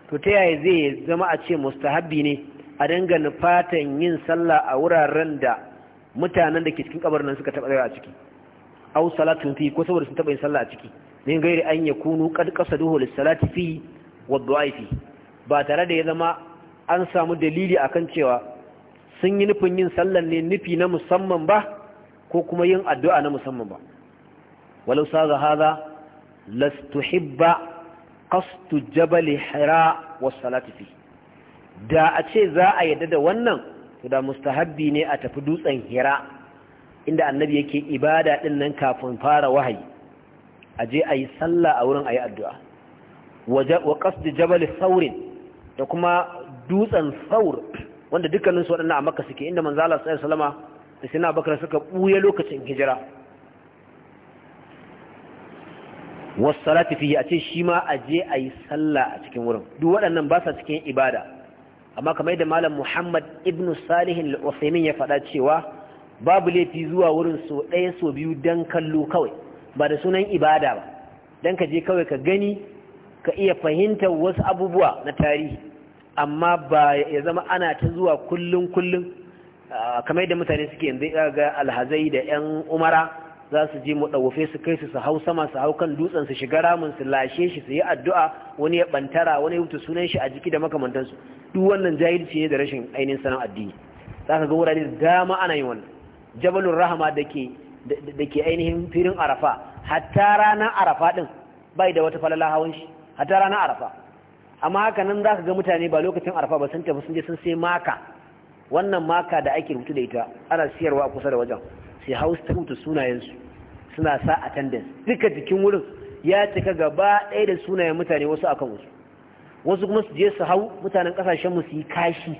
to ta yaya zai zama a ce mustahabbi ne a dangana fatan yin sallah a wuraren da mutanen da ke cikin kabarin nan suka taba tsaya a ciki aw salatun fi ko saboda sun taba yin sallah a ciki min gairi an yakunu qad qasaduhu lis salati fi wa du'a fi ba tare da ya zama an samu dalili akan cewa sun yi nufin yin sallan ne nufi na musamman ba ko kuma yin addu'a na musamman ba walau saga haza lastuhibba qastu jabal hira was salatu fi da a ce za a yadda da wannan to da mustahabbi ne a tafi dutsen hira inda annabi yake ibada din nan kafin fara wahayi a je a yi sallah a wurin a yi addu'a wa qasdu jabal saurin da kuma dutsen saur wanda dukkaninsu waɗannan a makka suke inda manzala sallallahu alaihi wasallama da sina bakar suka ɓuya lokacin hijira wasalati fihi a ce shi ma a je a yi sallah a cikin wurin duk waɗannan ba sa cikin ibada amma kamar yadda malam muhammad ibn salihin al'usaimin ya faɗa cewa babu laifi zuwa wurin so ɗaya so biyu dan kallo kawai ba da sunan ibada ba dan ka je kawai ka gani ka iya fahimtar wasu abubuwa na tarihi amma ba ya zama ana ta zuwa kullum kullum kamar yadda mutane suke yanzu ga alhazai da 'yan umara za su je muɗawafe su kai su su hau sama su hau kan dutsen su shiga ramin su lashe shi su yi addu'a wani ya bantara wani ya wuce sunan shi a jiki da makamantansu duk wannan jahilci ne da rashin ainihin sanan addini za ka ga wurare da dama ana yin wannan jabalun rahama da ke da ke ainihin firin arafa hatta ranar arafa din bai da wata falala hawan shi hatta ranar arafa amma haka nan za ka ga mutane ba lokacin arafa ba sun tafi sun je sun sai maka wannan maka da ake rubutu da ita ana siyarwa a kusa da wajen sai hausa ta rubuta sunayensu suna sa attendance duka jikin wurin ya cika gaba ɗaya da sunayen mutane wasu akan wasu wasu kuma su je su hau mutanen kasashen mu su yi kashi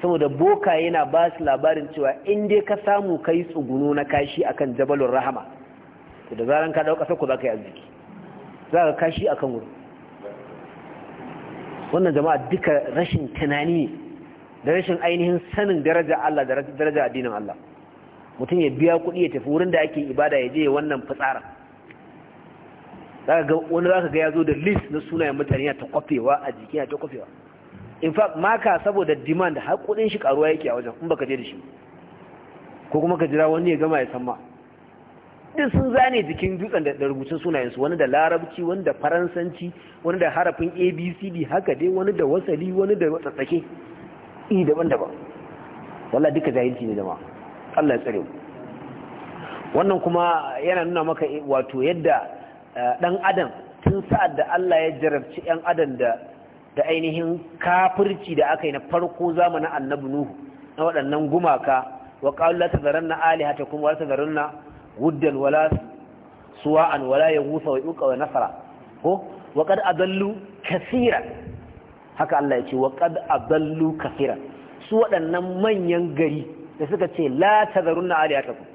saboda boka yana ba su labarin cewa in dai ka samu kai tsuguno na kashi akan jabalun rahama to da zaran ka dawo kasar ku za ka yi arziki za ka kashi akan wurin wannan jama'a duka rashin tunani da rashin ainihin sanin daraja Allah da daraja addinin Allah mutum ya biya kuɗi ya tafi wurin da ake ibada ya je wannan fitsara wani za ka ga ya zo da list na sunayen mutane ya ta kwafewa a jiki ya ta kwafewa in fact maka saboda demand har kuɗin shi karuwa yake a wajen in baka je da shi ko kuma ka jira wani ya gama ya san ma duk sun zane jikin dutsen da rubutun su wani da larabci wani da faransanci wani da harafin abcd haka dai wani da wasali wani da tsatsake i daban-daban wallah duka jahilci ne jama'a Allah ya tsare mu wannan kuma yana nuna maka eh, wato yadda dan eh, adam tun sa'ad da Allah ya jarabci yan adam da da ainihin kafirci da aka yi na farko zamanin annabi nuhu na waɗannan gumaka wa qalu la tazarunna alihatakum wa la tazarunna wuddan wala suwa'an wala yaghutha wa yuqa wa nasara ko wa qad adallu kaseera haka Allah ya ce wa qad adallu kaseera su waɗannan manyan gari da suka ce la tazarunna aliyatakum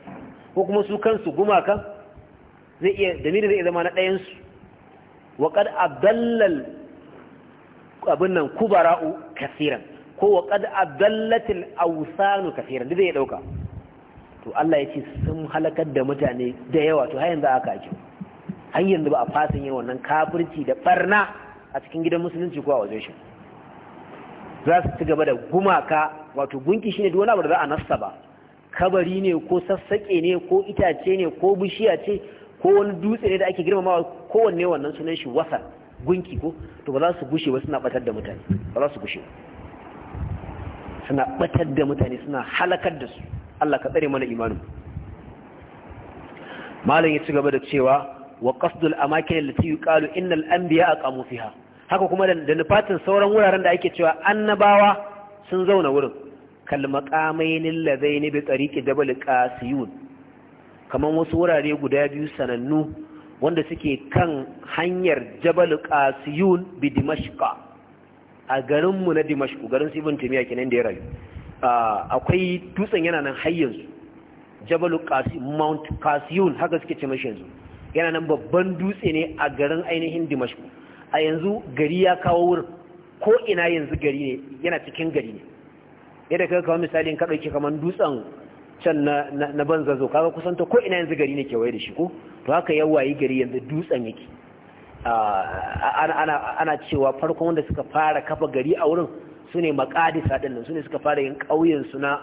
ko kuma su kansu gumakan zai iya damiri zai zama na ɗayansu su wa qad abdallal abin nan kubara'u kafiran ko wa qad abdallatil awsanu kafiran duk zai ɗauka to Allah ya ce sun halakar da mutane da yawa to hayan yanzu aka ake har yanzu ba a fasin yin wannan kafirci da ɓarna a cikin gidan musulunci ko a wajen shi za su ci gaba da gumaka wato gunki shine duk wani abu da za a nassa ba kabari ne ko sassaƙe ne ko itace ne ko bishiya ce ko wani dutse ne da ake girmamawa kowanne wannan sunan shi wasa gunki ko to ba za su gushe ba suna batar da mutane ba za su gushe suna batar da mutane suna halakar da su Allah ka tsare mana imanin malam ya ci gaba da cewa wa qasdul amakin allati yuqalu innal anbiya aqamu fiha haka kuma da nufatin sauran wuraren da ake cewa annabawa sun zauna wurin ne bai bi tariqi dabal Kasiyun. Kamar wasu wurare guda biyu sanannu wanda suke kan hanyar jabal Kasiyun bi dimashqa a garinmu na dimashku garin ibn timiya kinan da ya rayu akwai dutsen yana nan har jabal mount Kasiyun, haka suke ce mashi yanzu yana nan babban dutse ne a garin ainihin dimashku a yanzu gari ya kawo wurin ko ina yanzu gari ne yana cikin gari ne yadda kai kawo misali ka dauki kamar dutsen can na na zazo, kaga kusan ko ina yanzu gari ne kewaye da shi ko to haka yawayi gari yanzu dutsen yake ana cewa farkon wanda suka fara kafa gari a wurin su ne makadisa ɗin nan su ne suka fara yin ƙauyensu na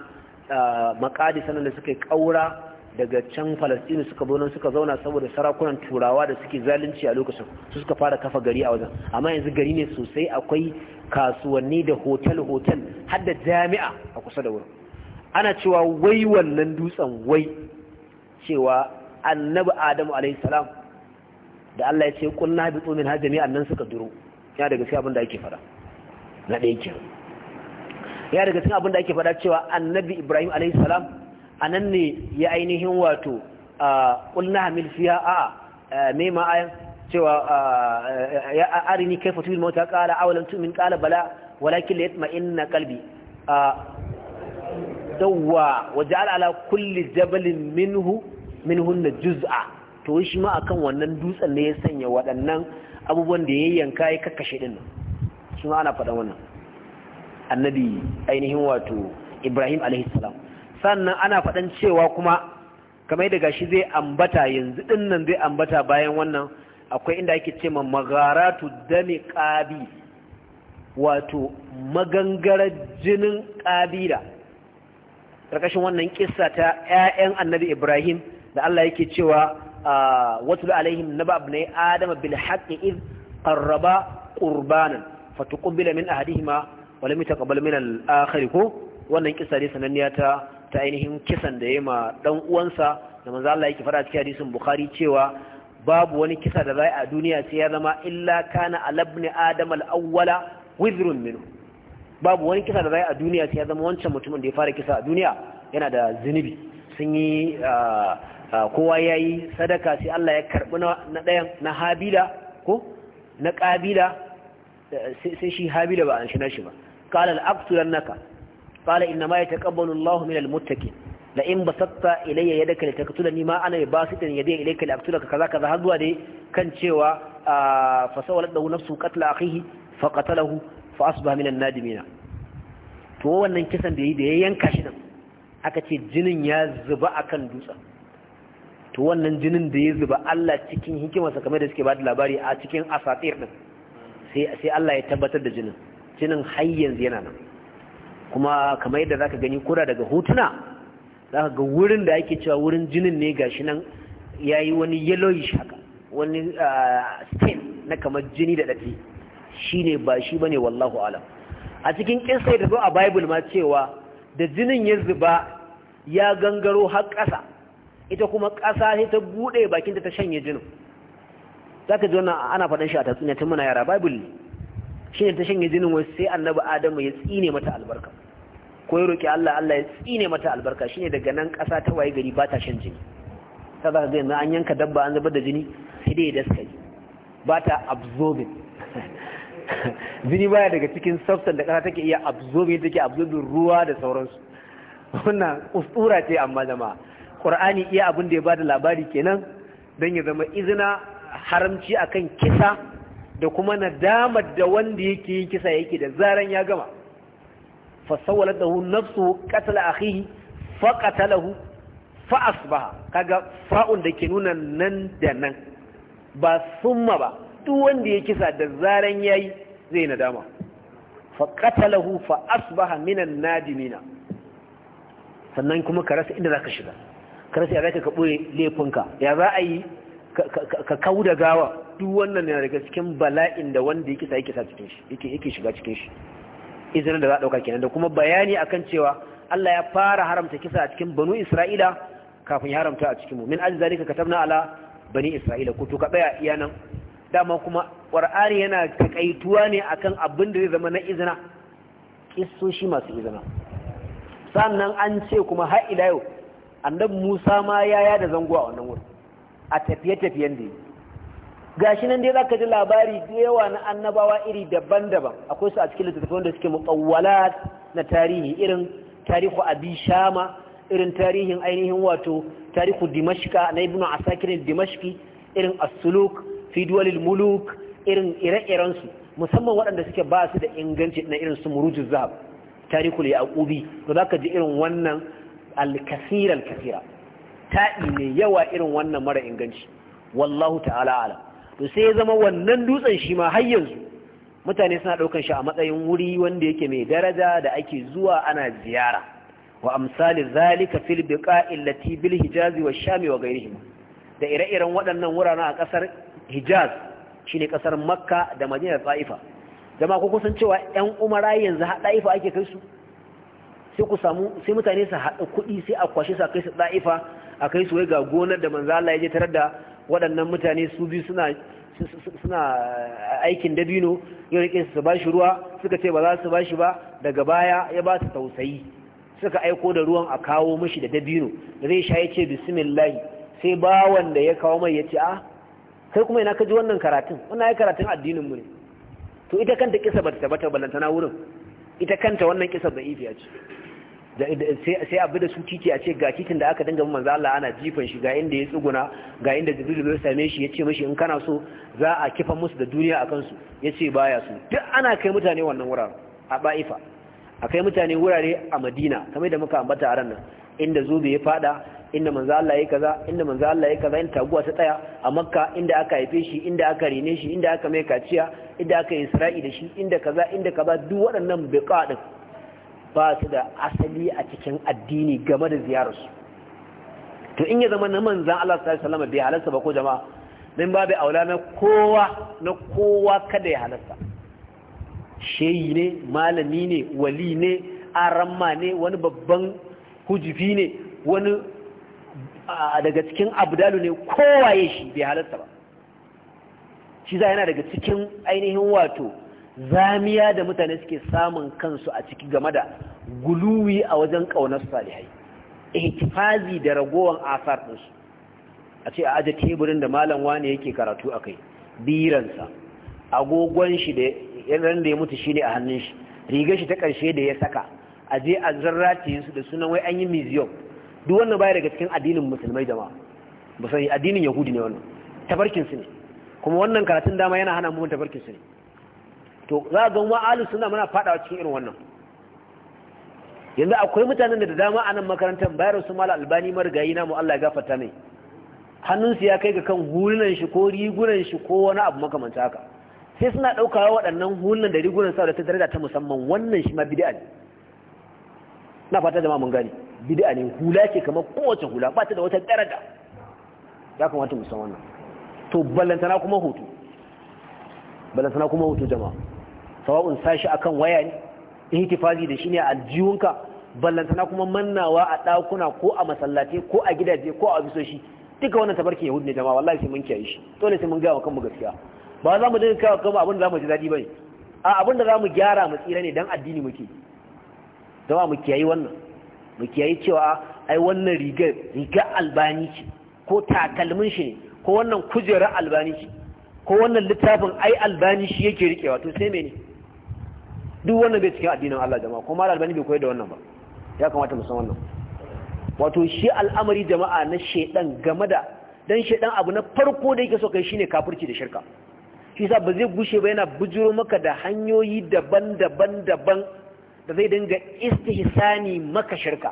makadisa nan da suka yi ƙaura daga can falastini suka nan suka zauna saboda sarakunan turawa da suke zalunci a lokacin su suka fara kafa gari a wajen amma yanzu gari ne sosai akwai kasuwanni da hotel-hotel har da jami'a a kusa da wurin ana cewa wai wannan dutsen wai cewa annabi adamu alaihi salam da Allah ya ce kunna bi tsumin har jami'an nan suka duro ya daga cikin abin da ake fara na ɗaya kenan ya daga cikin abin da ake fara cewa annabi ibrahim alaihi salam a nan ne ya ainihin wato ƙulna hamil fiya a mai ma'ayan cewa ya arini kai fatu mota ƙala awalan tumin ƙala bala walakin layat ma'inna kalbi dawwa waje ala kulli jabalin minhu na juz'a to shi ma akan wannan dutsen ne ya sanya waɗannan abubuwan da ya yanka ya kakkashe din shi ma ana faɗa wannan annabi ainihin wato ibrahim alaihi salam sannan ana faɗan cewa kuma kamar daga shi zai ambata yanzu ɗin nan zai ambata bayan wannan akwai inda ake ce ma magaratu dami ƙabi wato magangarar jinin ƙabila ƙarƙashin wannan kisa ta 'ya'yan annabi ibrahim da allah yake cewa a ah, wasu alaihim na ba'ab na adama bil haƙƙi iz ƙarraba ƙurbanan bilamin min hadihima wala mita ƙabalmin al'akari ko wannan ƙisa ne sananniya ta ta ainihin kisan da ya ma dan uwansa da manzo Allah yake fara cikin hadisin Bukhari cewa babu wani kisa da zai a duniya sai ya zama illa kana alabni adam al-awwala wizrun minhu babu wani kisa da zai a duniya sai ya zama wancan mutumin da ya fara kisa a duniya yana da zunubi sun yi kowa yayi sadaka sai Allah ya karbi na dayan na habila ko na qabila sai shi habila ba an shi na shi ba qala al-aqtu lanaka قال إنما يتقبل الله من المتكين لئن بسطت إلي in لتقتلني ما أنا litaktulani ma ana لأقتلك كذا كذا هذا kaza kaza har zuwa dai kan cewa أخيه فقتله lahu من النادمين akhihi nadimina wannan kisan da da ya yanka shi nan aka ce jinin ya zuba akan dutsa. to wannan jinin da ya zuba Allah cikin hikimarsa kamar da suke bada labari a cikin asatir din sai Allah ya tabbatar da jinin jinin har yanzu yana nan kuma kamar yadda zaka gani kura daga hotuna zaka ga wurin da ake cewa wurin jinin ne gashi nan yayi wani yellowish haka wani stain na kamar jini da Shi shine ba shi bane wallahu alam a cikin kissa da zo a bible ma cewa da jinin ya zuba ya gangaro har ƙasa ita kuma ƙasa ne ta buɗe bakin ta shanye jinin zaka ji wannan ana faɗin shi a tatsuniya tun muna yara bible shine ta shanye zinin wasu sai annabi adamu ya tsine mata albarka ko ya roƙi Allah Allah ya tsine mata albarka shine daga nan ƙasa ta waye gari ba ta shan jini ta za ka ga yanzu an yanka dabba an zubar da jini sai dai ya daskari ba ta absorbing jini baya daga cikin substance da ƙasa take iya absorbing take absorbing ruwa da sauransu wannan ustura ce amma jama'a qur'ani iya abin da ya bada labari kenan don ya zama izina haramci akan kisa da kuma nadamar da wanda yake yin kisa yake da zaran ya gama fasawar da nafsu katala fa qatalahu fa asbaha kaga fa'un da ke nuna nan da nan ba summa ba duk wanda ya kisa da ya yayi zai nadama fa qatalahu fa asbaha minan nadimina sannan kuma ka rasa inda za ka shiga ka rasa ya za ka kaɓo laifinka ya za a yi ka da gawa duk wannan yana daga cikin bala'in da wanda yake sa yake sa cikin shi yake yake shiga cikin shi izinin da za a dauka kenan da kuma bayani akan cewa Allah ya fara haramta kisa a cikin banu Isra'ila kafin ya haramta a cikin mu min ajin zalika katabna ala bani Isra'ila ko to ka tsaya iya nan dama kuma Qur'ani yana takaituwa ne akan abin da zai zama na izina kissoshi masu izina sannan an ce kuma har ila yau annabi Musa ma yaya da zango a wannan wurin a tafiye-tafiyen da yi gashi nan dai za ka ji labari da yawa na annabawa iri daban-daban akwai su a cikin littattafan da suke mutsawwalat na tarihi irin tarihu abi shama irin tarihin ainihin wato tarihu dimashka na ibn asakir dimashki irin as-suluk fi duwalil muluk irin ire-iren su musamman waɗanda suke ba su da inganci na irin su murujuz zahab tarihul yaqubi to zaka ji irin wannan al-kathira al-kathira ta'i ne yawa irin wannan mara inganci wallahu ta'ala alam to sai ya zama wannan dutsen shi ma har yanzu mutane suna ɗaukan shi a matsayin wuri wanda yake mai daraja da ake zuwa ana ziyara wa amsali zalika fil biqa'il lati bil hijazi wa shami wa ghairihim da ire-iren waɗannan wuraren a ƙasar hijaz shine ƙasar makka da madina taifa jama'a ko kusan cewa ɗan umara yanzu haɗaifa ake kai su sai ku samu sai mutane su haɗa kuɗi sai a kwashe su a kai su Taifa a kai su wai ga gonar da manzo Allah ya je tarar da waɗannan mutane su bi suna suna aikin dabino ya rike su ba shi ruwa suka ce ba za su ba shi ba daga baya ya ba su tausayi suka aiko da ruwan a kawo mashi da dabino da zai sha ya ce bismillahi sai bawan da ya kawo mai ya ce a ah, kai kuma ina kaji wannan karatun wannan ya karatun addinin mu ne to ita kanta kisa ba ta tabbata ballantana wurin ita kanta wannan kisa da ifiya ce sai abu da su titi a ce ga titin da aka dinga manzo Allah ana jifan shi ga inda ya tsuguna ga inda Jibril ya same shi ya ce mishi in kana so za a kifa musu da duniya akan su ya ce baya su duk ana kai mutane wannan wurare a Ba'ifa akai kai mutane wurare a Madina kamar da muka ambata a ran nan inda zobe ya fada inda manzo Allah yayi kaza inda manzo Allah yayi kaza in taguwa ta tsaya a Makka inda aka haife shi inda aka rene shi inda aka mai kaciya inda aka Isra'i da shi inda kaza inda kaza duk waɗannan biqa ba su da asali a cikin addini game da ziyararsu to in ya zama na manzan Allah sallallahu alaihi bai halarsa ba ko jama'a min bai aula na kowa na kowa kada ya halarsa sheyi ne malami ne wali ne aramma ne wani babban hujifi ne wani daga cikin abdalu ne ya shi bai halarsa ba shi za yana daga cikin ainihin wato zamiya da mutane suke samun kansu a ciki game da guluwi a wajen ƙaunar salihai ihtifazi da ragowar asar ɗinsu a ce a aje teburin da malam wani yake karatu a kai biransa agogon shi da yanar da ya mutu shi ne a hannun shi rigar shi ta ƙarshe da ya saka a je a zarrace su da sunan wai an yi museum duk wannan baya daga cikin addinin musulmai ma ba sai addinin yahudi ne wannan tabarkin su ne kuma wannan karatun dama yana hana mu tabarkin su ne to za ga ma suna sunna muna fadawa cikin irin wannan yanzu akwai mutanen da dama a nan makarantar bayar su mala albani marigayi na mu Allah ya fata mai hannunsu ya kai ga kan hulunan shi ko rigunan shi ko wani abu makamanta haka sai suna ɗaukawa waɗannan hulunan da rigunan sa da ta daraja ta musamman wannan shi ma bid'a ne na fata da mun gani. bid'a ne hula ce kamar kowace hula ba ta da wata daraja ya kamata mu san wannan to ballantana kuma hutu. ballantana kuma hutu jama'a sawa'un sashi akan waya ne ihtifazi da shi ne a aljihunka ballantana kuma mannawa a ɗakuna ko a masallatai ko a gidaje ko a bisoshi duka wannan tabarkin yahudu ne jama'a wallahi sai mun kiyaye shi dole sai mun gaya wa kanmu gaskiya ba za mu dinga kawo kanmu abin da za mu ji daɗi ba ne a abin da za mu gyara mu tsira ne dan addini muke zama mu kiyaye wannan mu kiyaye cewa ai wannan rigar rigar albani ce ko takalmin shi ne ko wannan kujerar albani ce ko wannan littafin ai albani shi yake riƙewa to sai mene ne duk wannan bai cikin addinin Allah jama'a kuma Albani bai koyar da wannan ba ya kamata mu san wannan wato shi al'amari jama'a na shedan game da dan shedan abu na farko da yake so kai shine kafirci da shirka shi yasa ba zai gushe ba yana bujuro maka da hanyoyi daban-daban daban da zai dinga istihsani maka shirka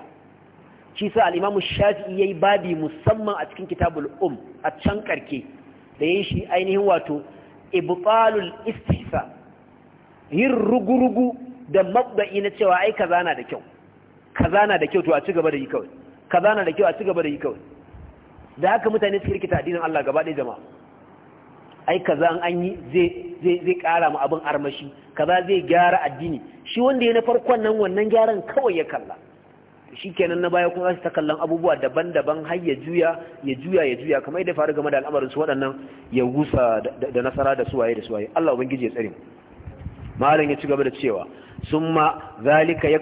shi yasa al-Imam Shafi'i yayi babi musamman a cikin Kitabul Um a can karke da yayin shi ainihin wato ibtalul istihsan yin rugurugu da mabda'i na cewa ai kaza na da kyau kaza na da kyau to a ci gaba da yi kawai kaza na da kyau a ci gaba da yi kawai da haka mutane su kirkita addinin Allah gaba ɗaya jama'a ai kaza an an yi zai zai zai ƙara mu abin armashi kaza zai gyara addini shi wanda ya na farkon nan wannan gyaran kawai ya kalla shikenan na baya kuma za su ta kallon abubuwa daban-daban har ya juya ya juya ya juya kamar yadda faru game da al'amarin su waɗannan ya gusa da nasara da suwaye da suwaye Allah ubangiji ya tsare mu malam ya ci gaba da cewa summa zalika ya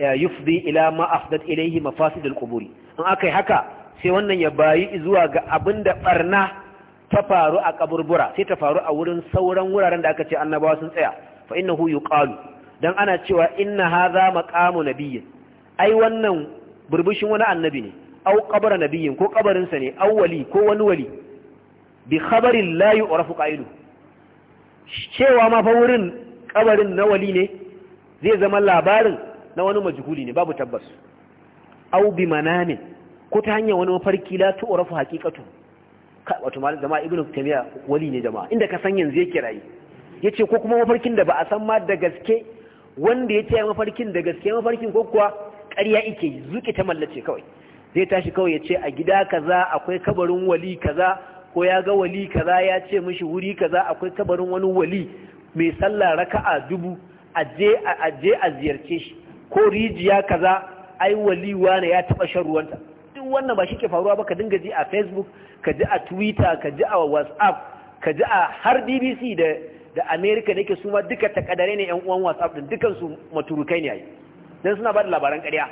eh, yufdi ila ma afdat ilaihi mafasid al-quburi in aka yi haka sai wannan ya bayi zuwa ga abin da barna ta faru a kaburbura sai ta faru a wurin sauran wuraren da aka ce annabawa sun tsaya fa innahu yuqalu dan ana cewa inna hadha maqamu nabiyyin ai wannan burbushin wani annabi ne au qabara nabiyyin ko kabarinsa ne au wali ko wani wali bi khabarin la yu'rafu qailu cewa ma fa wurin kabarin na wali ne zai zama labarin na wani majhuli ne babu tabbas au bi manamin ko ta hanyar wani mafarki la urafu haqiqatu wato malam jama'a ibnu taymiya wali ne jama'a inda ka san yanzu yake rayi yace ko kuma mafarkin da ba a san ma da gaske wanda ya mafarkin da gaske mafarkin ko kuwa ƙarya yake zuki ta mallace kawai zai tashi kawai yace a gida kaza akwai kabarin wali kaza ko ya ga wali kaza ya ce mishi wuri kaza akwai kabarin wani wali mai sallah raka'a dubu a je a ziyarce shi ko rijiya kaza ai waliwa ne ya taba shan ruwanta duk wannan ba shi ke faruwa ba ka dinga ji a facebook ka ji a twitter ka ji a whatsapp ka ji a har bbc da da america da ke su ma duka kadare ne yan uwan whatsapp din dukan su maturukai ne ai dan suna ba da labaran ƙarya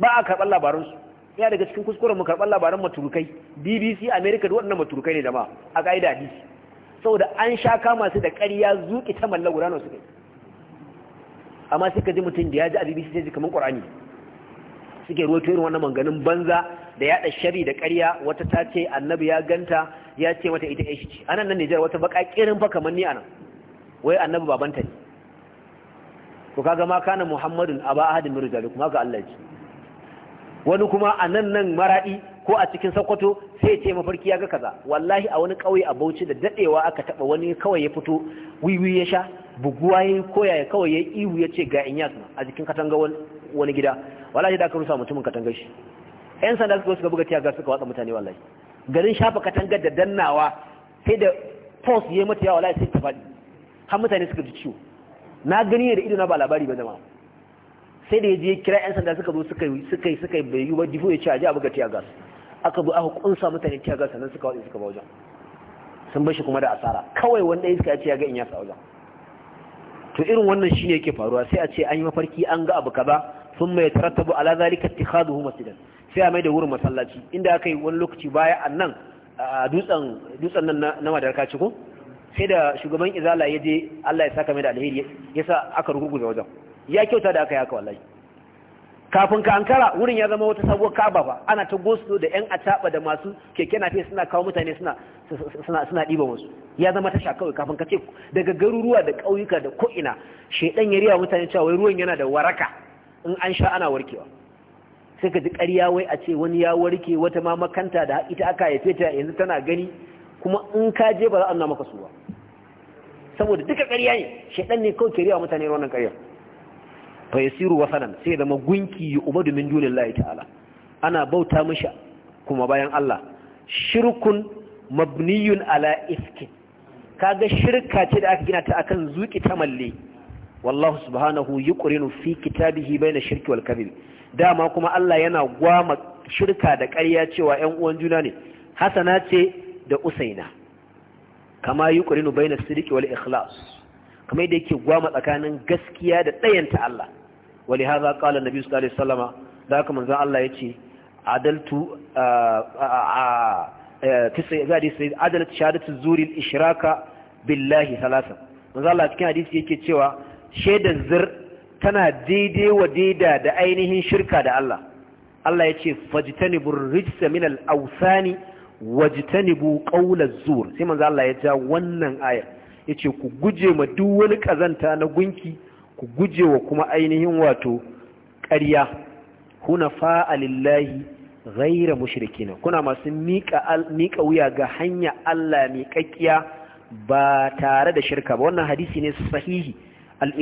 ba a karɓar labaran su ya daga cikin kuskuren mu karɓar labaran maturukai bbc america duk wannan maturukai ne jama'a a ka'ida hadisi saboda an sha kama su da ƙarya zuƙi ta mallar guda nawa suka yi amma suka ji mutum da ya ji azibi sai ji kamar ƙur'ani suke ruwaito yin wannan manganin banza da ya ɗa shari da ƙarya wata ta ce annabi ya ganta ya ce mata ita ishi ce anan nan Nijar wata baka ƙirin fa kamar ni anan wai annabi babanta ne Ko kaga ma kana Muhammadun a ahadin min kuma ga Allah ji wani kuma anan nan maradi ko a cikin Sokoto sai ce mafarki ya ga kaza wallahi a wani ƙauye a Bauchi da dadewa aka taba wani kawai ya fito wiwi ya sha buguwa ya koya ya kawai ya ihu ya ce ga Inyas a jikin katanga wani gida wallahi da aka rusa mutumin katangar shi Yan sanda suka suka buga tiya suka watsa mutane wallahi garin shafa katangar da dannawa sai da force yayi mata yawa wallahi sai ta faɗi har mutane suka ji ciwo na gani da ido na ba labari ba jama'a sai da ya je kira 'yan sanda suka zo suka yi suka yi bayu bai ba jifu ya ce a ji abu ga tiya aka zo aka kunsa mutane tiya ga sannan suka wajen suka ba wajen sun bashi kuma da asara kawai wanda iska ya ce ya ga in ya sa wajen to irin wannan shine yake faruwa sai a ce an yi mafarki an ga abu kaza sun mai tarattabu ala zalika ittikhaduhu masjidan sai a mai da wurin masallaci inda aka yi wani lokaci baya annan a dutsen dutsen nan na madarka ci ko sai da shugaban izala ya je Allah ya saka mai da alheri yasa aka ruguza wajen ya kyauta da aka yi haka wallahi kafin ka ankara wurin ya zama wata sabuwar kaba ba ana ta gosto da yan acaba da masu keke nafe suna kawo mutane suna suna diba wasu ya zama tasha kawai kafin ka ce daga garuruwa da ƙauyuka da ko'ina shedan ya riya mutane cewa wai ruwan yana da waraka in an sha ana warkewa sai ka ji ƙarya wai a ce wani ya warke wata ma makanta da ita aka haife ta yanzu tana gani kuma in ka je ba za a nuna maka su ba saboda duka ƙarya ne shedan ne kawai ke riya mutane ruwan ƙaryar fa yasiru wasanan sai zama gunki ubadu min dunillahi ta'ala ana bauta mishi kuma bayan Allah shirkun mabniyun ala iski kaga shirka ce da aka gina ta akan zuki ta malle wallahu subhanahu yuqrinu fi kitabihi baina shirki wal kadhib dama kuma Allah yana gwama shirka da ƙarya cewa ƴan uwan juna ne hasana ce da usaina kama yuqrinu baina sidqi wal ikhlas kamar yadda yake gwama tsakanin gaskiya da tsayanta Allah wali haza qala annabi sallallahu alaihi wasallama da haka manzon Allah yace adaltu a kisa zadi sai adalat shahadatu zuri al-ishraka billahi thalatha manzon Allah cikin hadisi yake cewa shaidar zur tana daidai daida da ainihin shirka da Allah Allah yace fajtanibur rijsa min al-awthani wajtanibu qawla az-zur sai manzon Allah ya ja wannan ayar yace ku guje ma duk wani kazanta na gunki ku guje wa kuma ainihin wato ƙarya hunafa fa'alillahi, ghaira mushrikina kuna masu miƙa wuya ga hanya Allah mai ba tare da shirka ba wannan hadisi ne sahihi al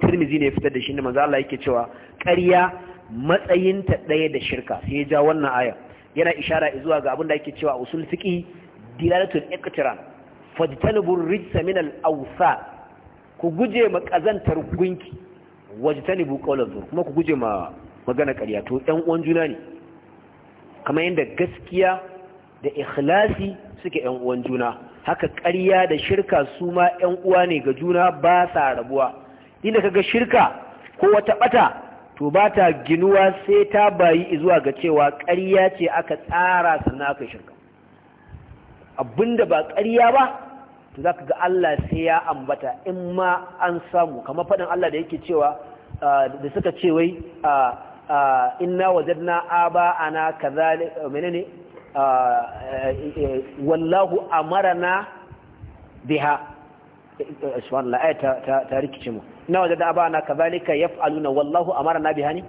Turmizi ne fitar da shi ne maza Allah yake cewa ƙarya matsayinta ɗaya da shirka sai ya ja wannan aya yana ishara zuwa ga abin da yake cewa usul fiƙi dilalatul iqtiran fajtanibur rijsa min al-awsa ku guje ma ƙazantar gunki waje wajtanibu qawlan zur kuma ku guje ma magana ƙarya to ɗan uwan juna ne kamar yadda gaskiya da ikhlasi suke ɗan uwan juna haka ƙarya da shirka su ma ɗan uwa ne ga juna ba sa rabuwa inda kaga shirka ko wata ɓata, to ba ta ginuwa sai ta bayi zuwa ga cewa ƙarya ce aka tsara sannan aka shirka abinda ba ƙarya ba to zaka ga Allah sai ya ambata in ma an samu kamar fadin Allah da yake cewa da suka ce wai inna wajadna aba ana kazalika menene e, e, wallahu amarna biha subhanallah ay ta rikice mu inna wajadna aba ana kazalika yaf'aluna wallahu amarna biha ne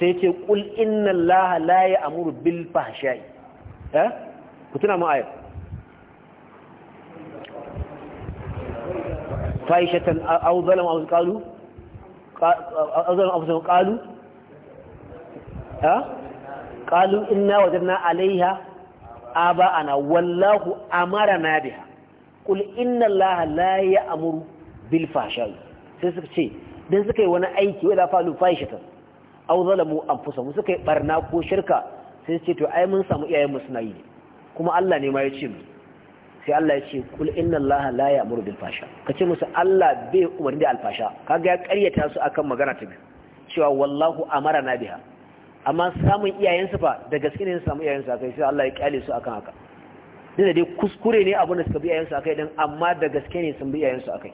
sai ce kul inna allaha la ya'muru bil fahsha'i eh ku tuna mu ayat fahishatan aw zalama aw qalu aw zalama aw qalu ha qalu inna wajadna 'alayha aba'ana wallahu amarna biha qul inna allaha la ya'muru bil fahsha'i sai suka ce dan suka yi wani aiki wala falu fahishatan aw zalamu anfusahum suka yi barna ko shirka sai su ce to ai mun samu iyayen mu suna yi kuma Allah ne ma ya ce mu sai Allah ya ce kul inna Allah la ya'muru bil fasha kace musu Allah bai umarni da alfasha kaga ya karyata su akan magana ta biyu cewa wallahu amara na biha amma samun iyayensu fa da gaske ne samu iyayensu akai sai Allah ya kyale su akan haka dinda dai kuskure ne abin da suka bi iyayensu akai dan amma da gaske ne sun bi iyayensu akai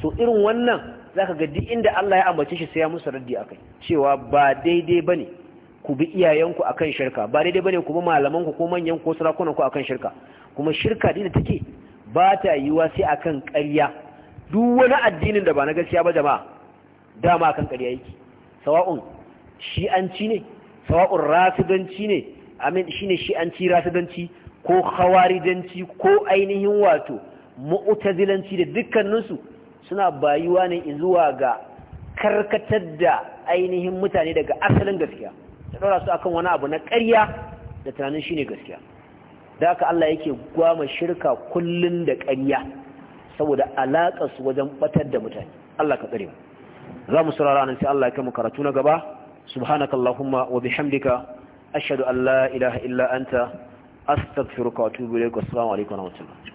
so irin wannan zaka ga duk inda Allah ya ambace shi sai ya musu raddi akai cewa ba daidai bane ku bi iyayenku akan shirka ba daidai bane ku bi malamanku ko manyan ko sarakunan ku akan shirka kuma shirka din da take ba ta yiwa sai akan ƙarya duk wani addinin da ba na gaskiya ba jama'a dama akan ƙarya yake sawa'un shi'anci ne sawa'un rasidanci ne amin shine shi'anci rasidanci ko khawarijanci ko ainihin wato mu'tazilanci da dukkaninsu suna bayuwa ne zuwa ga karkatar da ainihin mutane daga asalin gaskiya ɗora su akan wani abu na ƙarya da tunanin shine gaskiya da haka Allah yake gwama shirka kullun da ƙarya saboda alaƙa su wajen batar da mutane Allah ka tsare mu za mu saurara nan sai Allah ya kama karatu na gaba subhanakallahumma wa bihamdika ashhadu an la ilaha illa anta astaghfiruka wa atubu ilaik assalamu alaikum wa rahmatulah.